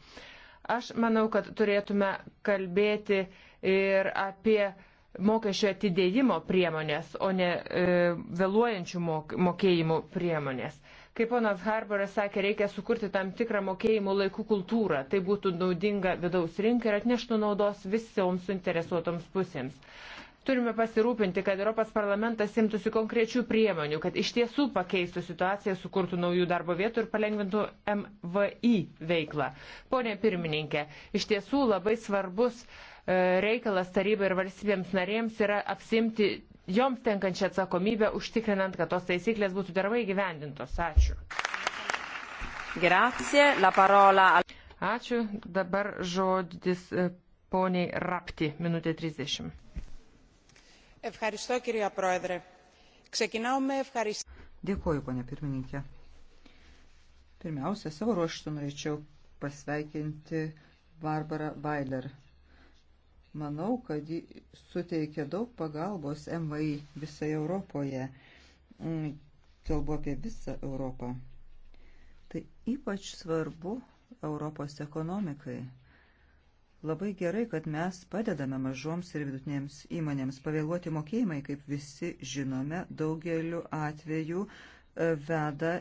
Aš manau, kad turėtume kalbėti ir apie mokesčio atidėjimo priemonės, o ne e, vėluojančių mok mokėjimų priemonės. Kaip ponas Harboras sakė, reikia sukurti tam tikrą mokėjimų laikų kultūrą. Tai būtų naudinga vidaus rinkai ir atneštų naudos visoms suinteresuotoms pusėms. Turime pasirūpinti, kad Europos parlamentas imtųsi konkrečių priemonių, kad iš tiesų pakeistų situaciją, sukurtų naujų darbo vietų ir palengvintų MVI veiklą. Pone pirmininkė, iš tiesų labai svarbus uh, E, reikalas tarybai ir valstybėms narėms yra apsimti joms tenkančią atsakomybę, užtikrinant, kad tos taisyklės būtų deramai gyvendintos. Ačiū. Grazie, la parola. Ačiū. Dabar žodis e, poniai Rapti, minutė 30. Ευχαριστώ, κυρία Πρόεδρε. Ξεκινάω με ευχαριστή. Dėkuoju, ponia pirmininkė. Pirmiausia, savo ruoštų norėčiau pasveikinti Barbara Bailer, Manau, kad suteikia daug pagalbos MVI visai Europoje. Mm, kalbu apie visą Europą. Tai ypač svarbu Europos ekonomikai. Labai gerai, kad mes padedame mažoms ir vidutinėms įmonėms pavėluoti mokėjimai, kaip visi žinome, daugeliu atveju e, veda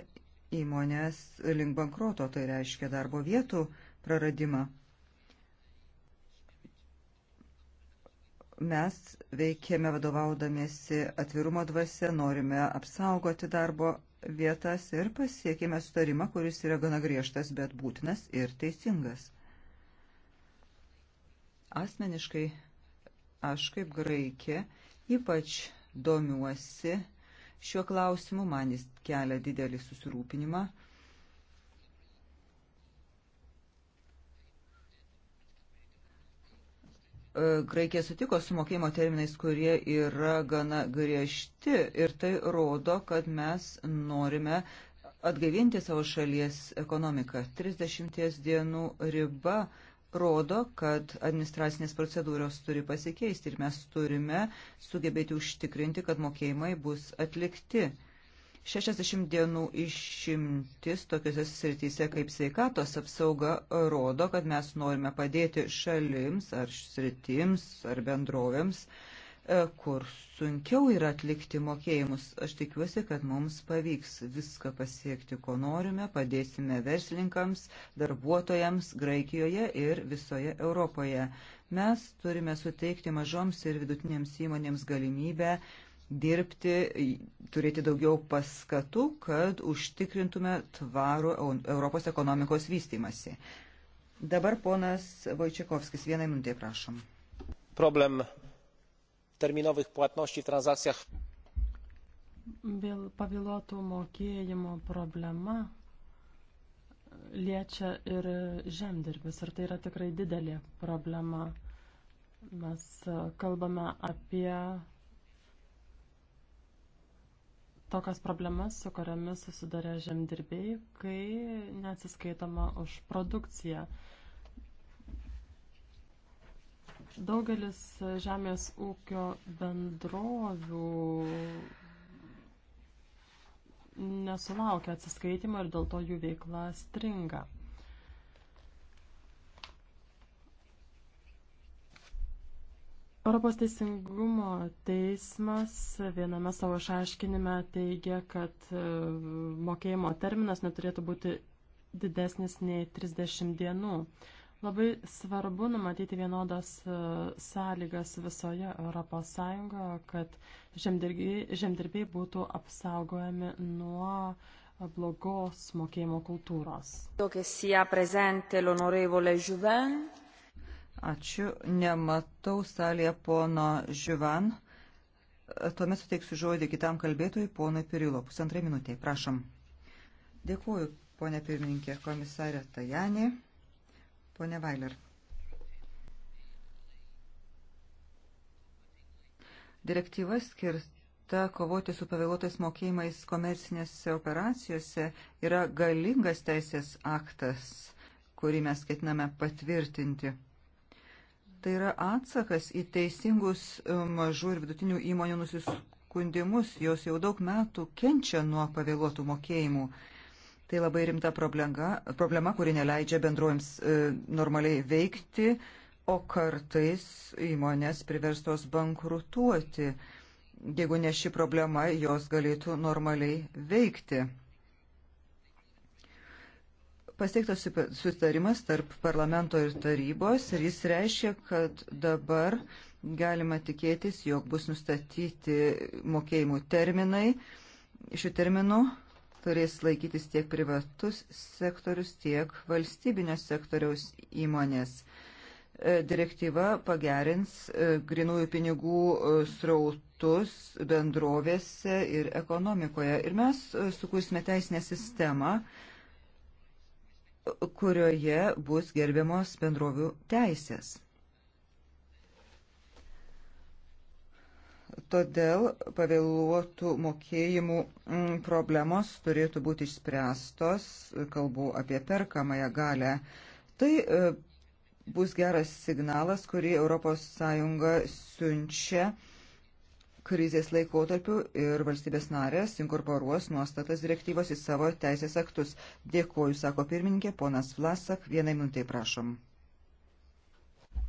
įmonės link bankroto, tai reiškia darbo vietų praradimą. mes veikėme vadovaudamėsi atvirumo dvasia, norime apsaugoti darbo vietas ir pasiekėme sutarimą, kuris yra gana griežtas, bet būtinas ir teisingas. Asmeniškai aš kaip graikė ypač domiuosi šiuo klausimu, man jis kelia didelį susirūpinimą. E, Graikija sutiko su mokėjimo terminais, kurie yra gana griežti ir tai rodo, kad mes norime atgaivinti savo šalies ekonomiką. 30 dienų riba rodo, kad administracinės procedūros turi pasikeisti ir mes turime sugebėti užtikrinti, kad mokėjimai bus atlikti. 60 dienų išimtis tokiuose srityse kaip sveikatos apsauga rodo, kad mes norime padėti šalims ar sritims ar bendrovėms, e, kur sunkiau yra atlikti mokėjimus. Aš tikiuosi, kad mums pavyks viską pasiekti, ko norime, padėsime verslininkams, darbuotojams Graikijoje ir visoje Europoje. Mes turime suteikti mažoms ir vidutinėms įmonėms galimybę uh, dirbti, turėti daugiau paskatų, kad užtikrintume tvarų Europos ekonomikos vystimasi. Dabar ponas Vojčiakovskis, vieną minutę prašom. Problem terminových platností v transakcijach. Vėl pavėluotų mokėjimo problema liečia ir žemdirbis, ir tai yra tikrai didelė problema. Mes kalbame apie tokias problemas, su kuriamis susidarė žemdirbiai, kai neatsiskaitama už produkciją. Daugelis žemės ūkio bendrovių nesulaukia atsiskaitimo ir dėl to jų veikla stringa. Europos teisingumo teismas viename savo šaškinime teigia, kad e, mokėjimo terminas neturėtų būti didesnis nei 30 dienų. Labai svarbu numatyti vienodas e, sąlygas visoje Europos Sąjungoje, kad žemdirbiai, žemdirbiai būtų apsaugojami nuo blogos mokėjimo kultūros. Ačiū. Nematau salėje pono Živan. Tuomet suteiksiu žodį kitam kalbėtojui, ponui Pirilo. Pusantrai minutiai. Prašom. Dėkuoju, ponė pirmininkė, komisarė Tajanė, ponė Vailer. Direktyva skirta kovoti su pavėluotais mokėjimais komercinėse operacijose yra galingas teisės aktas, kurį mes ketiname patvirtinti. Tai yra atsakas į teisingus e, mažų ir vidutinių įmonių nusiskundimus. Jos jau daug metų kenčia nuo pavėluotų mokėjimų. Tai labai rimta problema, problema kuri neleidžia bendruojams e, normaliai veikti, o kartais įmonės priverstos bankrutuoti. Jeigu ne ši problema, jos galėtų normaliai veikti pasiektas sutarimas tarp parlamento ir tarybos ir jis reiškia, kad dabar galima tikėtis, jog bus nustatyti mokėjimų terminai. Šių terminų turės laikytis tiek privatus sektorius, tiek valstybinio sektoriaus įmonės. E, direktyva pagerins e, grinųjų pinigų e, srautus bendrovėse ir ekonomikoje. Ir mes sukursime teisinę sistemą, kurioje bus gerbiamos bendrovių teisės. Todėl pavėluotų mokėjimų mm, problemos turėtų būti išspręstos, kalbu apie perkamąją galę. Tai e, bus geras signalas, kurį ES siunčia krizės laikotarpiu ir valstybės narės inkorporuos nuostatas direktyvos į savo teisės aktus. Dėkuoju, sako pirmininkė, ponas Vlasak, vienai minutai prašom.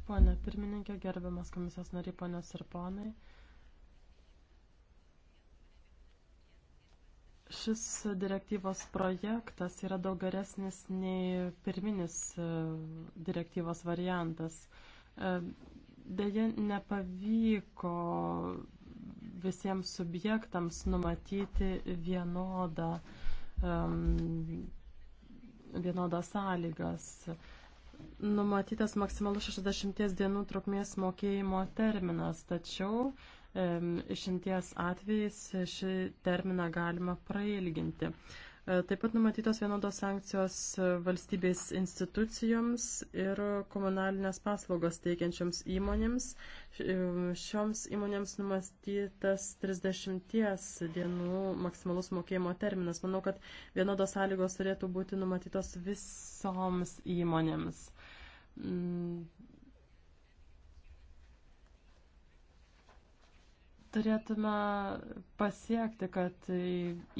Pone pirmininkė, gerbiamas komisijos nariai, ponios ir ponai. Šis direktyvos projektas yra daug geresnis nei pirminis e, direktyvos variantas. E, Deja, nepavyko visiems subjektams numatyti vienodą, um, vienodas sąlygas. Numatytas maksimalus 60 dienų trukmės mokėjimo terminas, tačiau um, išimties atvejais šį terminą galima prailginti. Uh, E, taip pat numatytos vienodos sankcijos e, valstybės institucijoms ir komunalinės paslaugos teikiančioms įmonėms. E, šioms įmonėms numatytas 30 dienų maksimalus mokėjimo terminas. Manau, kad vienodos sąlygos turėtų būti numatytos visoms įmonėms. Mm, turėtume pasiekti, kad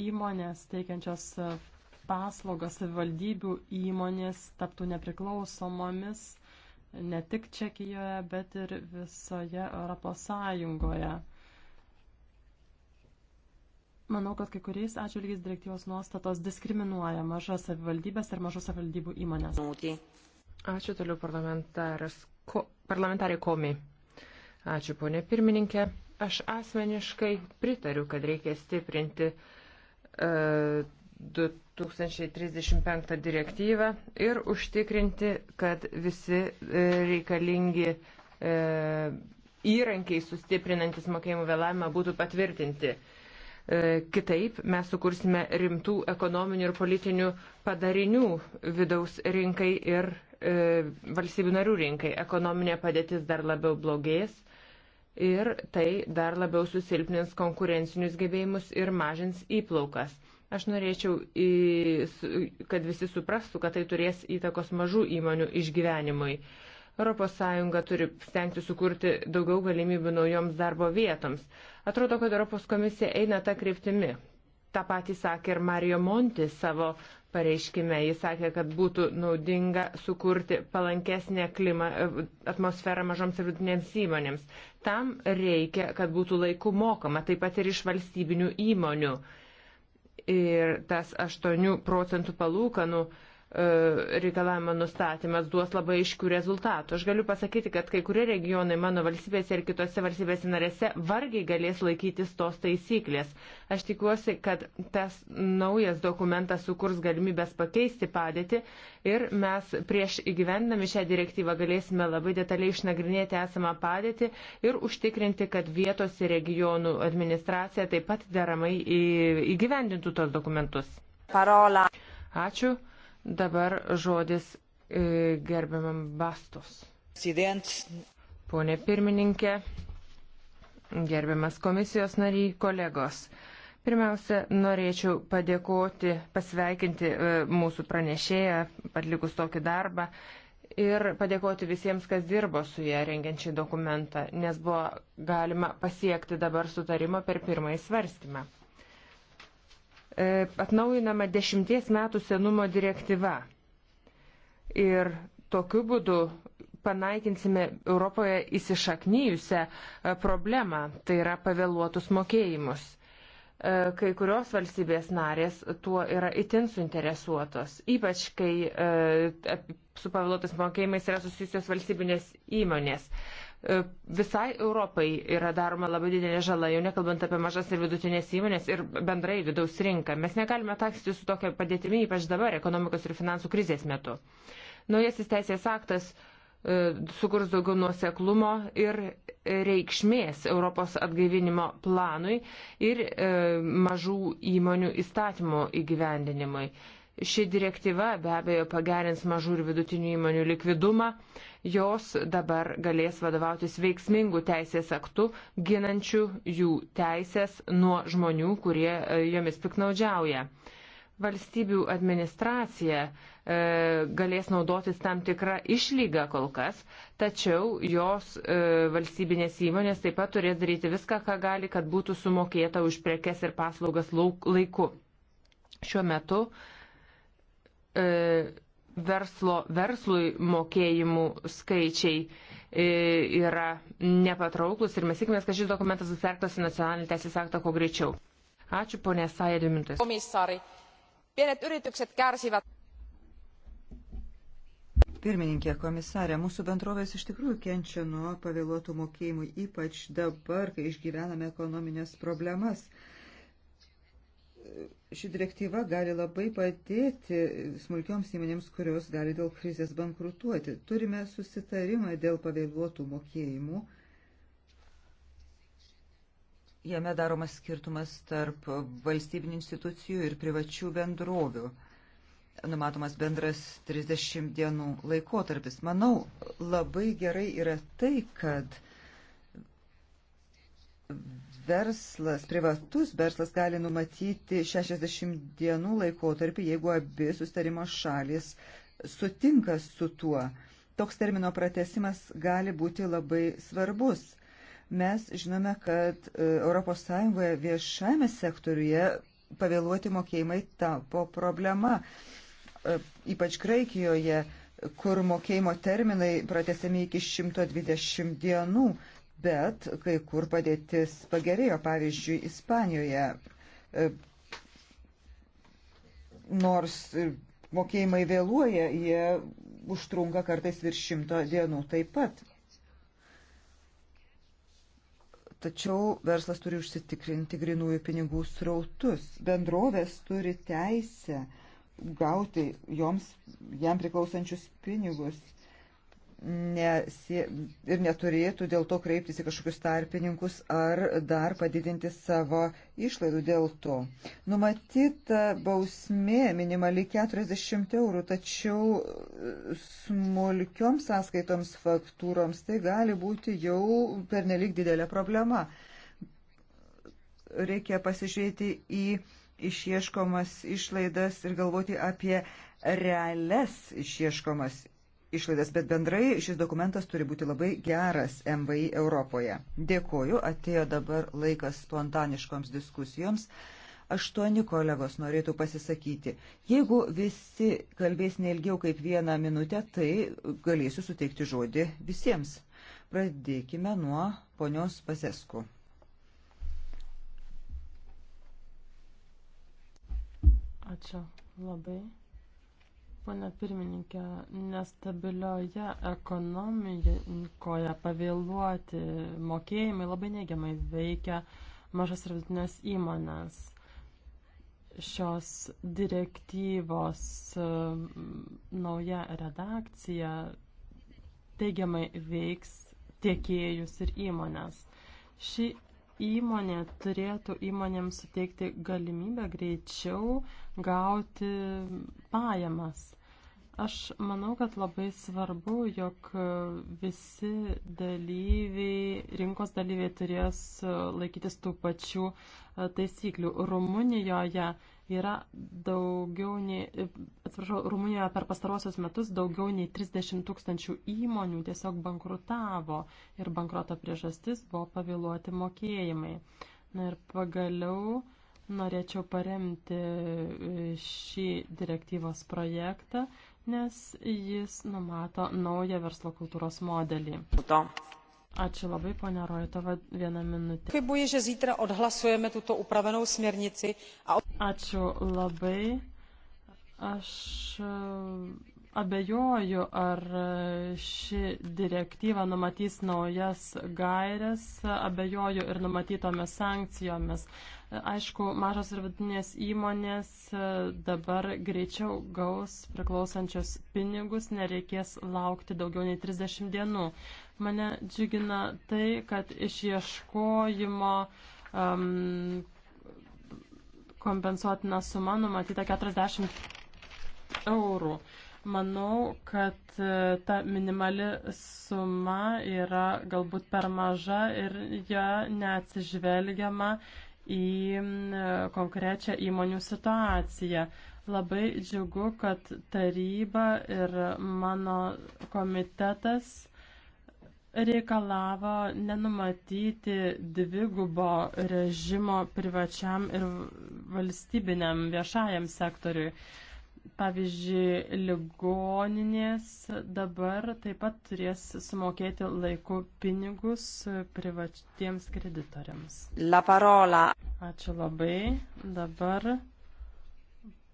įmonės teikiančios paslaugas savivaldybių įmonės taptų nepriklausomomis ne tik Čekijoje, bet ir visoje Europos Sąjungoje. Manau, kad kai kuriais atžvilgiais direktyvos nuostatos diskriminuoja mažas savivaldybės ir mažų savivaldybių įmonės. Ačiū toliau parlamentarė Komi. Ačiū ponė pirmininkė. Aš asmeniškai pritariu, kad reikia stiprinti e, uh, 2035 direktyvą ir užtikrinti, kad visi e, reikalingi uh, įrankiai sustiprinantis mokėjimų vėlavimą būtų patvirtinti. Kitaip mes sukursime rimtų ekonominių ir politinių padarinių vidaus rinkai ir e, valstybių narių rinkai. Ekonominė padėtis dar labiau blogės, ir tai dar labiau susilpnins konkurencinius gebėjimus ir mažins įplaukas. Aš norėčiau, kad visi suprastų, kad tai turės įtakos mažų įmonių išgyvenimui. ES turi stengti sukurti daugiau galimybių naujoms darbo vietoms. Atrodo, kad ES komisija eina tą kryptimi. Ta patį sakė ir Mario Monti savo pareiškime. Jis sakė, kad būtų naudinga sukurti palankesnę klima, e, atmosferą mažoms ir vidutinėms įmonėms. Tam reikia, kad būtų laiku mokama, taip pat ir iš valstybinių įmonių. Ir tas 8 procentų palūkanų nu, E, reikalavimo nustatymas duos labai aiškių rezultatų. Aš galiu pasakyti, kad kai kurie regionai mano valstybėse ir kitose valstybėse narėse vargiai galės laikytis tos taisyklės. Aš tikiuosi, kad tas naujas dokumentas sukurs galimybės pakeisti padėtį ir mes prieš įgyvendami šią direktyvą galėsime labai detaliai išnagrinėti esamą padėtį ir užtikrinti, kad vietos ir regionų administracija taip pat deramai įgyvendintų tos dokumentus. Parola. Ačiū. Dabar žodis e, gerbiamam Bastos. Pone pirmininkė, gerbiamas komisijos nariai, kolegos. Pirmiausia, norėčiau padėkoti, pasveikinti e, mūsų pranešėją, atlikus tokį darbą ir padėkoti visiems, kas dirbo su ją rengiančiai dokumentą, nes buvo galima pasiekti dabar sutarimą per pirmąjį svarstymą. E, atnaujinama dešimties metų senumo direktyva. Ir tokiu būdu panaikinsime Europoje įsišaknyjusią e, problemą, tai yra pavėluotus mokėjimus. E, kai kurios valstybės narės tuo yra itin suinteresuotos, ypač kai su pavėluotais mokėjimais yra susijusios valstybinės įmonės. E, visai Europai yra daroma labai didelė žala, jau nekalbant apie mažas ir vidutinės įmonės ir bendrai vidaus rinką. Mes negalime taksyti su tokia padėtimi, ypač dabar, ekonomikos ir finansų krizės metu. Naujasis teisės aktas e, sukurs daugiau nuoseklumo ir reikšmės Europos atgaivinimo planui ir e, mažų įmonių įstatymų įgyvendinimui. Ši direktyva be abejo pagerins mažų ir vidutinių įmonių likvidumą, Jos dabar galės vadovautis veiksmingų teisės aktų, ginančių jų teisės nuo žmonių, kurie e, jomis piknaudžiauja. Valstybių administracija e, galės naudotis tam tikrą išlygą kol kas, tačiau jos e, valstybinės įmonės taip pat turės daryti viską, ką gali, kad būtų sumokėta už prekes ir paslaugas lauk, laiku. Šiuo metu e, verslo verslui mokėjimų skaičiai e, yra nepatrauklus ir mes tikimės, kad šis dokumentas bus perktas į nacionalinį teisės aktą kuo greičiau. Ačiū, ponė Saja, dvi minutės. Komisari, pienet yritykset kärsivat. Pirmininkė komisarė, mūsų bendrovės iš tikrųjų kenčia nuo pavėluotų mokėjimų, ypač dabar, kai išgyvename ekonominės problemas ši direktyva gali labai padėti smulkioms įmonėms, kurios gali dėl krizės bankrutuoti. Turime susitarimą dėl pavėluotų mokėjimų. Jame daromas skirtumas tarp valstybinių institucijų ir privačių bendrovių. Numatomas bendras 30 dienų laikotarpis. Manau, labai gerai yra tai, kad verslas, privatus verslas gali numatyti 60 dienų laikotarpį, jeigu abi sustarimo šalis sutinka su tuo. Toks termino pratesimas gali būti labai svarbus. Mes žinome, kad ES viešame sektoriuje pavėluoti mokėjimai tapo problema. E, ypač Graikijoje, kur mokėjimo terminai pratesiami iki 120 dienų bet kai kur padėtis pagerėjo, pavyzdžiui, Ispanijoje. E, nors mokėjimai vėluoja, jie užtrunka kartais virš šimto dienų taip pat. Tačiau verslas turi užsitikrinti grinųjų pinigų srautus. Bendrovės turi teisę gauti joms, jam priklausančius pinigus nesie, ir neturėtų dėl to kreiptis į kažkokius tarpininkus ar dar padidinti savo išlaidų dėl to. Numatyta bausmė minimali 40 eurų, tačiau smulkioms sąskaitoms faktūroms tai gali būti jau pernelik didelė problema. Reikia pasižiūrėti į išieškomas išlaidas ir galvoti apie realias išieškomas išlaidas, bet bendrai šis dokumentas turi būti labai geras MVI Europoje. Dėkoju, atėjo dabar laikas spontaniškoms diskusijoms. Aštuoni kolegos norėtų pasisakyti. Jeigu visi kalbės neilgiau kaip vieną minutę, tai galėsiu suteikti žodį visiems. Pradėkime nuo ponios Pasesku. Ačiū labai. Pone pirmininkė, nestabilioje ekonomikoje pavėluoti mokėjimai labai neigiamai veikia mažas ir vidutinės įmonės. Šios direktyvos e, nauja redakcija teigiamai veiks tiekėjus ir įmonės. Ši įmonė turėtų įmonėms suteikti galimybę greičiau gauti pajamas. Aš manau, kad labai svarbu, jog visi dalyviai, rinkos dalyviai turės laikytis tų pačių e, taisyklių. Rumunijoje yra daugiau nei, atsiprašau, Rumunijoje per pastarosius metus daugiau nei 30 tūkstančių įmonių tiesiog bankrutavo ir bankroto priežastis buvo pavėluoti mokėjimai. Na ir pagaliau norėčiau paremti e, šį direktyvos projektą, nes jis numato naują verslo kultūros modelį. To. Ačiū labai, ponia Rojtova, vieną minutę. Kaip buvo, že zítra odhlasujeme tuto upravenou smernici. A... Ačiū labai. Aš Abejoju, ar ši direktyva numatys naujas gairias, abejoju ir numatytomis sankcijomis. Aišku, mažos ir vidinės įmonės dabar greičiau gaus priklausančius pinigus, nereikės laukti daugiau nei 30 dienų. Mane džiugina tai, kad išieškojimo um, kompensuotina suma numatyta 40 eurų. Uh, Manau, kad e, ta minimali suma yra galbūt per maža ir ją neatsižvelgiama į konkrečią įmonių situaciją. Labai džiugu, kad taryba ir mano komitetas reikalavo nenumatyti dvigubo režimo privačiam ir valstybiniam viešajam sektoriui. Pavyzdžiui, ligoninės dabar taip pat turės sumokėti laiku pinigus privatiems kreditoriams. La parola. Ačiū labai. Dabar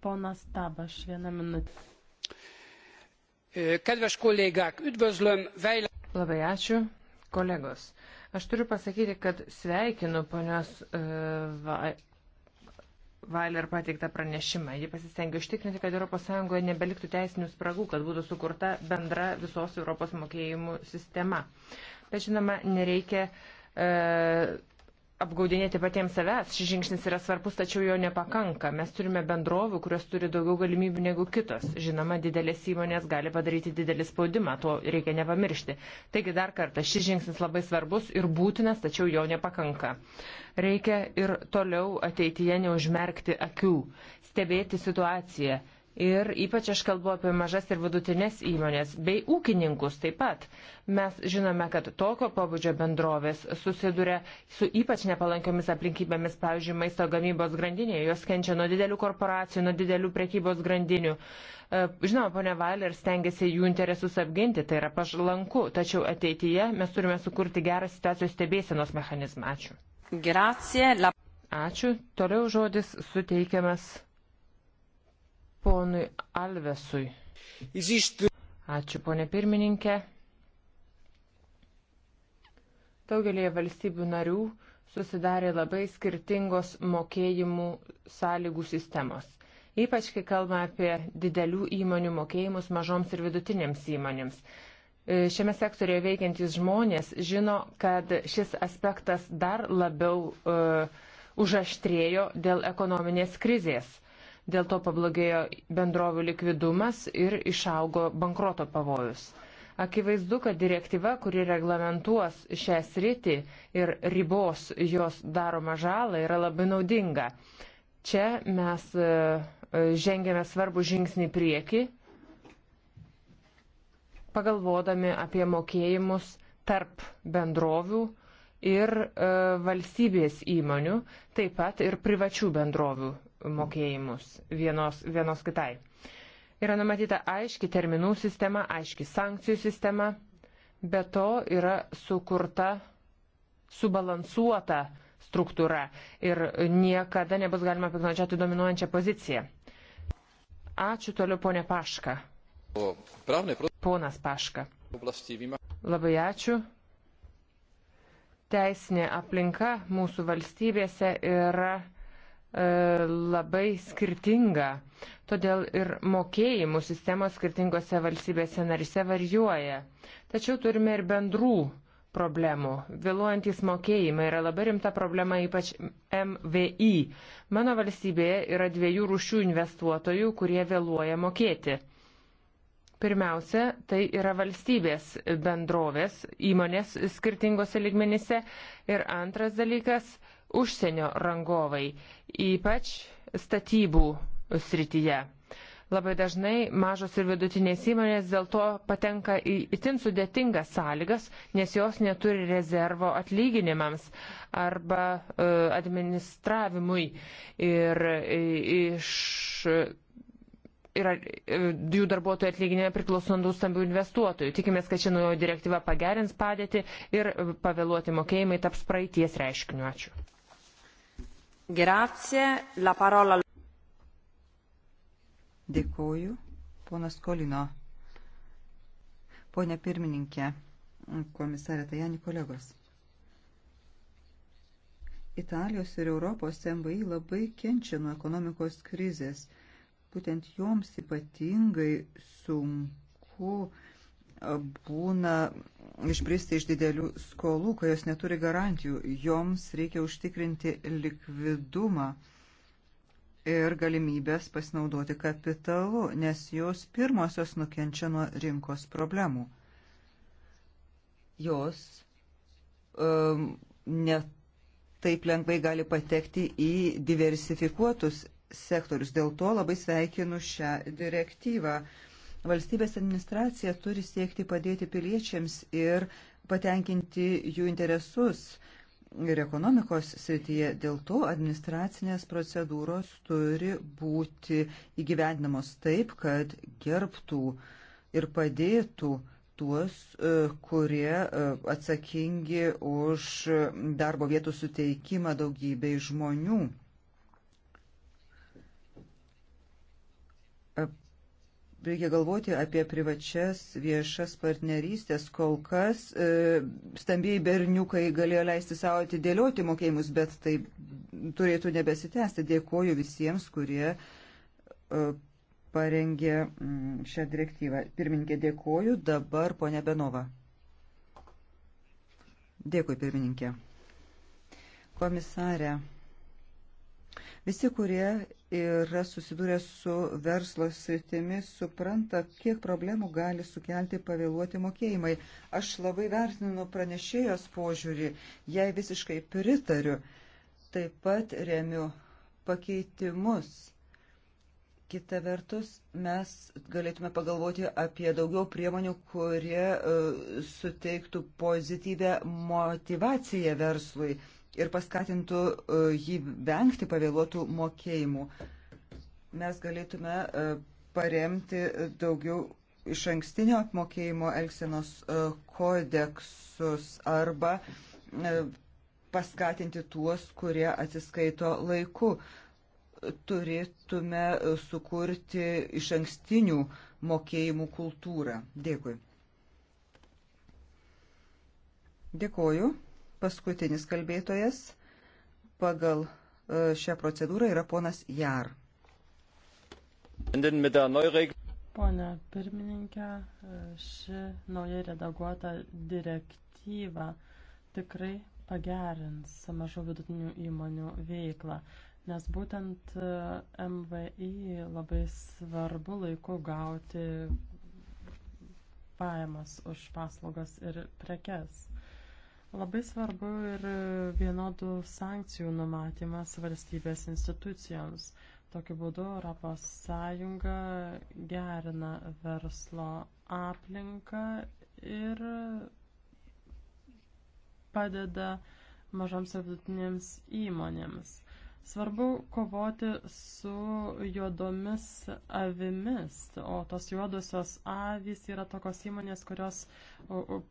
ponas Tabaš, vieną minutę. E, kedves kollégák, üdvözlöm, Vejla. Labai ačiū, kolegos. Aš turiu pasakyti, kad sveikinu ponios uh, va, Vailer pateiktą pranešimą. Ji pasistengė užtikrinti, kad ES nebeliktų teisinių spragų, kad būtų sukurta bendra visos Europos mokėjimų sistema. Bet žinoma, nereikia e, apgaudinėti patiems savęs. Šis žingsnis yra svarbus, tačiau jo nepakanka. Mes turime bendrovių, kurios turi daugiau galimybių negu kitos. Žinoma, didelės įmonės gali padaryti didelį spaudimą, to reikia nepamiršti. Taigi dar kartą, šis žingsnis labai svarbus ir būtinas, tačiau jo nepakanka. Reikia ir toliau ateityje neužmerkti akių, stebėti situaciją Ir ypač aš kalbu apie mažas ir vidutinės įmonės, bei ūkininkus taip pat. Mes žinome, kad tokio pobūdžio bendrovės susiduria su ypač nepalankiomis aplinkybėmis, pavyzdžiui, maisto gamybos grandinėje. Jos kenčia nuo didelių korporacijų, nuo didelių prekybos grandinių. E, žinoma, ponia Valer stengiasi jų interesus apginti, tai yra pažlanku, tačiau ateityje mes turime sukurti gerą situacijos stebėsenos mechanizmą. Ačiū. Grazie, la... Ačiū. Toliau žodis suteikiamas ponui Alvesui. Ačiū, ponė pirmininkė. Daugelėje valstybių narių susidarė labai skirtingos mokėjimų sąlygų sistemos. Ypač, kai kalbame apie didelių įmonių mokėjimus mažoms ir vidutinėms įmonėms. E, šiame sektorėje veikiantys žmonės žino, kad šis aspektas dar labiau uh, užaštrėjo dėl ekonominės krizės. Uh, Dėl to pablogėjo bendrovių likvidumas ir išaugo bankroto pavojus. Akivaizdu, kad direktyva, kuri reglamentuos šią sritį ir ribos jos daromą žalą, yra labai naudinga. Čia mes e, e, žengėme svarbų žingsnį prieki, pagalvodami apie mokėjimus tarp bendrovių ir e, valstybės įmonių, taip pat ir privačių bendrovių mokėjimus vienos, vienos kitai. Yra numatyta aiški terminų sistema, aiški sankcijų sistema, be to yra sukurta subalansuota struktūra ir niekada nebus galima piknaudžiauti dominuojančią poziciją. Ačiū toliau, ponė Paška. Ponas Paška. Labai ačiū. Teisinė aplinka mūsų valstybėse yra E, labai skirtinga. Todėl ir mokėjimų sistemos skirtingose valstybėse narise varijuoja. Tačiau turime ir bendrų problemų. Vėluojantis mokėjimai yra labai rimta problema, ypač MVI. Mano valstybėje yra dviejų rūšių investuotojų, kurie vėluoja mokėti. Pirmiausia, tai yra valstybės bendrovės, įmonės skirtingose ligmenyse. Ir antras dalykas užsienio rangovai, ypač statybų srityje. Labai dažnai mažos ir vidutinės įmonės dėl to patenka į itin sudėtingas sąlygas, nes jos neturi rezervo atlyginimams arba e, administravimui ir, e, iš, ir, ir e, jų darbuotojų atlyginimai priklauso nuo stambių investuotojų. Tikimės, kad ši naujoji direktyva pagerins padėtį ir pavėluoti mokėjimai taps praeities reiškiniu. Ačiū. Grazie. La parola. Dėkoju. Ponas Kolino. Pone pirmininkė, komisarė Tajani kolegos. Italijos ir Europos MVI labai kenčia nuo ekonomikos krizės. Būtent joms ypatingai sunku uh, būna išbristi iš didelių skolų, kai jos neturi garantijų. Joms reikia užtikrinti likvidumą ir galimybės pasinaudoti kapitalu, nes jos pirmosios nukenčia nuo rinkos problemų. Jos um, netaip lengvai gali patekti į diversifikuotus sektorius. Dėl to labai sveikinu šią direktyvą. Uh, Valstybės administracija turi siekti padėti piliečiams ir patenkinti jų interesus ir ekonomikos srityje. Dėl to administracinės procedūros turi būti įgyvendinamos taip, kad gerbtų ir padėtų tuos, e, kurie e, atsakingi už darbo vietų suteikimą daugybei žmonių. reikia galvoti apie privačias viešas partnerystės. Kol kas e, stambiai berniukai galėjo leisti savo atidėlioti mokėjimus, bet tai turėtų nebesitęsti. Dėkoju visiems, kurie e, parengė m, mm, šią direktyvą. Pirmininkė, dėkoju. Dabar ponė Benova. Dėkui, pirmininkė. Komisarė. Visi, kurie yra susidūrę su verslo sritimi, supranta, kiek problemų gali sukelti pavėluoti mokėjimai. Aš labai vertinu pranešėjos požiūrį, jai visiškai pritariu. Taip pat remiu pakeitimus. Kita vertus, mes galėtume pagalvoti apie daugiau priemonių, kurie uh, suteiktų pozityvę motivaciją verslui. Uh, ir paskatintų e, jį vengti pavėluotų mokėjimų. Mes galėtume e, paremti daugiau iš ankstinio apmokėjimo elgsenos e, kodeksus arba paskatinti tuos, kurie atsiskaito laiku. Turėtume sukurti iš ankstinių mokėjimų kultūrą. Dėkui. Dėkoju. Paskutinis kalbėtojas pagal e, šią procedūrą yra ponas Jar. Pone pirmininkė, e, ši nauja redaguota direktyva tikrai pagerins mažų vidutinių įmonių veiklą, nes būtent e, MVI labai svarbu laiku gauti pajamas už paslaugas ir prekes. Labai svarbu ir vienodų sankcijų numatymas valstybės institucijoms. Tokiu būdu ES gerina verslo aplinką ir padeda mažoms ir vidutinėms įmonėms. Svarbu kovoti su juodomis avimis, o tos juodosios avys yra tokios įmonės, kurios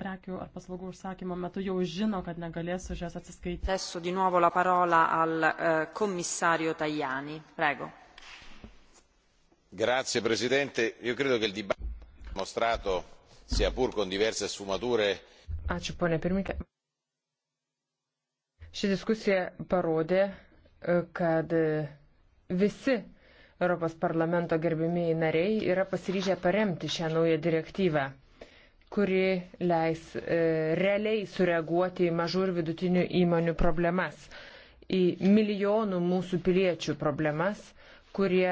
prekių ar paslaugų užsakymo metu jau žino, kad negalės už jas atsiskaityti. Adesso di nuovo la parola al eh, commissario Tajani. Prego. Grazie Presidente. Io credo che il dibattito mostrato sia pur con diverse sfumature. Ačiū, ponė pirmininkė. Ši diskusija parodė, kad visi Europos parlamento gerbimieji nariai yra pasiryžę paremti šią naują direktyvą, kuri leis e, realiai sureaguoti į mažų ir vidutinių įmonių problemas, į milijonų mūsų piliečių problemas, kurie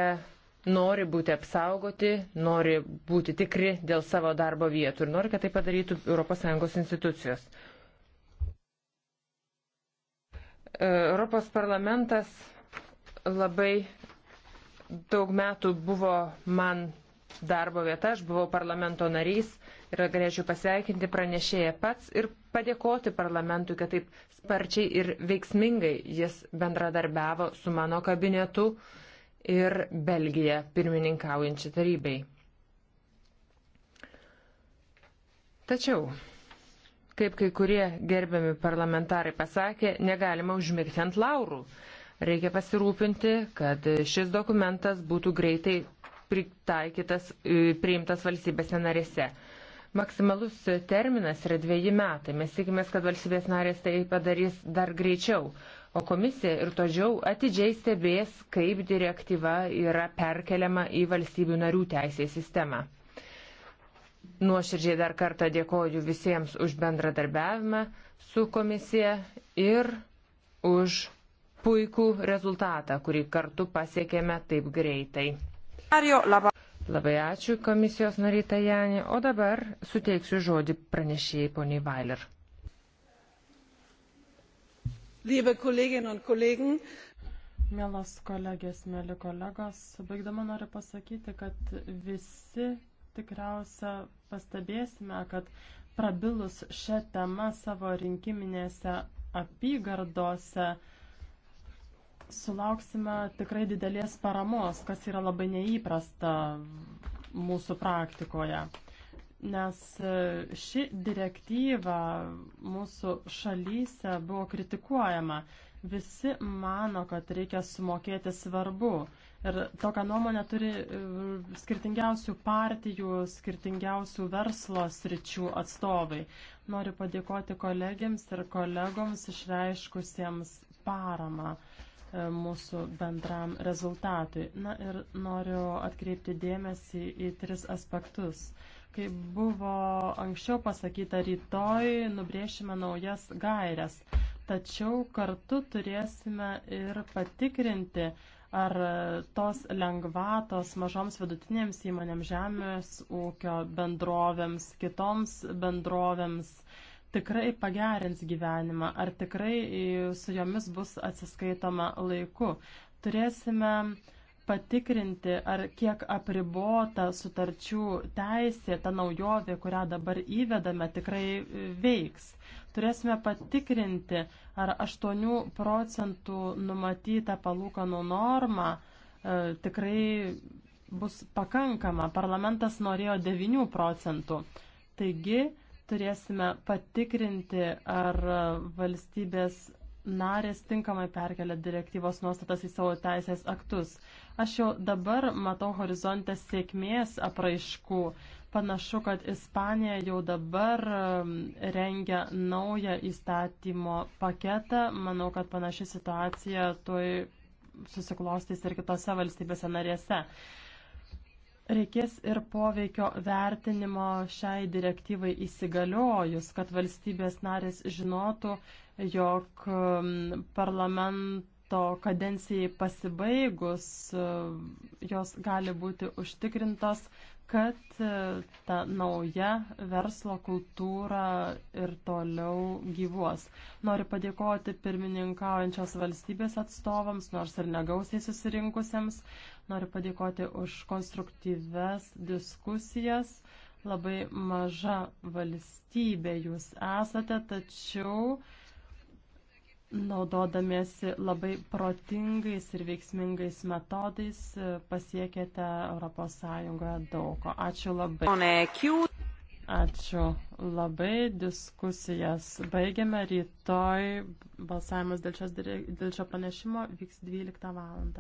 nori būti apsaugoti, nori būti tikri dėl savo darbo vietų ir nori, kad tai padarytų ES institucijos. E, Europos parlamentas labai daug metų buvo man darbo vieta, aš buvau parlamento narys ir galėčiau pasveikinti pranešėją pats ir padėkoti parlamentui, kad taip sparčiai ir veiksmingai jis bendradarbiavo su mano kabinetu ir Belgija pirmininkaujančiai tarybai. Tačiau Kaip kai kurie gerbiami parlamentarai pasakė, negalima užmigti ant laurų. Reikia pasirūpinti, kad šis dokumentas būtų greitai pritaikytas, e, priimtas valstybėse narėse. Maksimalus terminas yra dviejai metai. Mes tikimės, kad valstybės narės tai padarys dar greičiau. O komisija ir todžiau atidžiai stebės, kaip direktyva yra perkeliama į valstybių narių teisės sistemą. Nuoširdžiai dar kartą dėkoju visiems už bendradarbiavimą su komisija ir už puikų rezultatą, kurį kartu pasiekėme taip greitai. Labai ačiū komisijos narytą Janį, o dabar suteiksiu žodį pranešėjai poniai Vailer. Liebe Kolleginnen und Kollegen, Mielos kolegės, mėly kolegos, baigdama noriu pasakyti, kad visi tikriausia pastebėsime, kad prabilus šią temą savo rinkiminėse apygardose sulauksime tikrai didelės paramos, kas yra labai neįprasta mūsų praktikoje. Nes e, ši direktyva mūsų šalyse buvo kritikuojama. Visi mano, kad reikia sumokėti svarbu. Ir tokią nuomonę turi e, skirtingiausių partijų, skirtingiausių verslo sričių atstovai. Noriu padėkoti kolegiams ir kolegoms išreiškusiems paramą e, mūsų bendram rezultatui. Na ir noriu atkreipti dėmesį į tris aspektus. Kaip buvo anksčiau pasakyta, rytoj nubrėšime naujas gairias, tačiau kartu turėsime ir patikrinti, ar tos lengvatos mažoms vidutinėms įmonėms, žemės ūkio bendrovėms, kitoms bendrovėms tikrai pagerins gyvenimą, ar tikrai su jomis bus atsiskaitoma laiku. Turėsime uh, patikrinti, ar kiek apribota sutarčių teisė, ta naujovė, kurią dabar įvedame, tikrai veiks. Turėsime patikrinti, ar 8 procentų numatyta palūkanų norma e, tikrai bus pakankama. Parlamentas norėjo 9 procentų. Taigi turėsime patikrinti, ar valstybės narės tinkamai perkelia direktyvos nuostatas į savo teisės aktus. Aš jau dabar matau horizontę sėkmės apraiškų. Panašu, kad Ispanija jau dabar um, rengia naują įstatymo paketą. Manau, kad panaši situacija tuoj susiklostys ir kitose valstybėse narėse. Reikės ir poveikio vertinimo šiai direktyvai įsigaliojus, kad valstybės narės žinotų, jog um, parlament to kadencijai pasibaigus e, jos gali būti užtikrintos, kad e, ta nauja verslo kultūra ir toliau gyvuos. Noriu padėkoti pirmininkaujančios valstybės atstovams, nors ir negausiai susirinkusiems. Noriu padėkoti už konstruktyves diskusijas. Labai maža valstybė jūs esate, tačiau uh, naudodamiesi labai protingais ir veiksmingais metodais e, pasiekėte ES daug ko. Ačiū labai. Ačiū labai. Diskusijas baigiame. Rytoj balsavimas dėl, šios, dėl šio pranešimo vyks 12 val.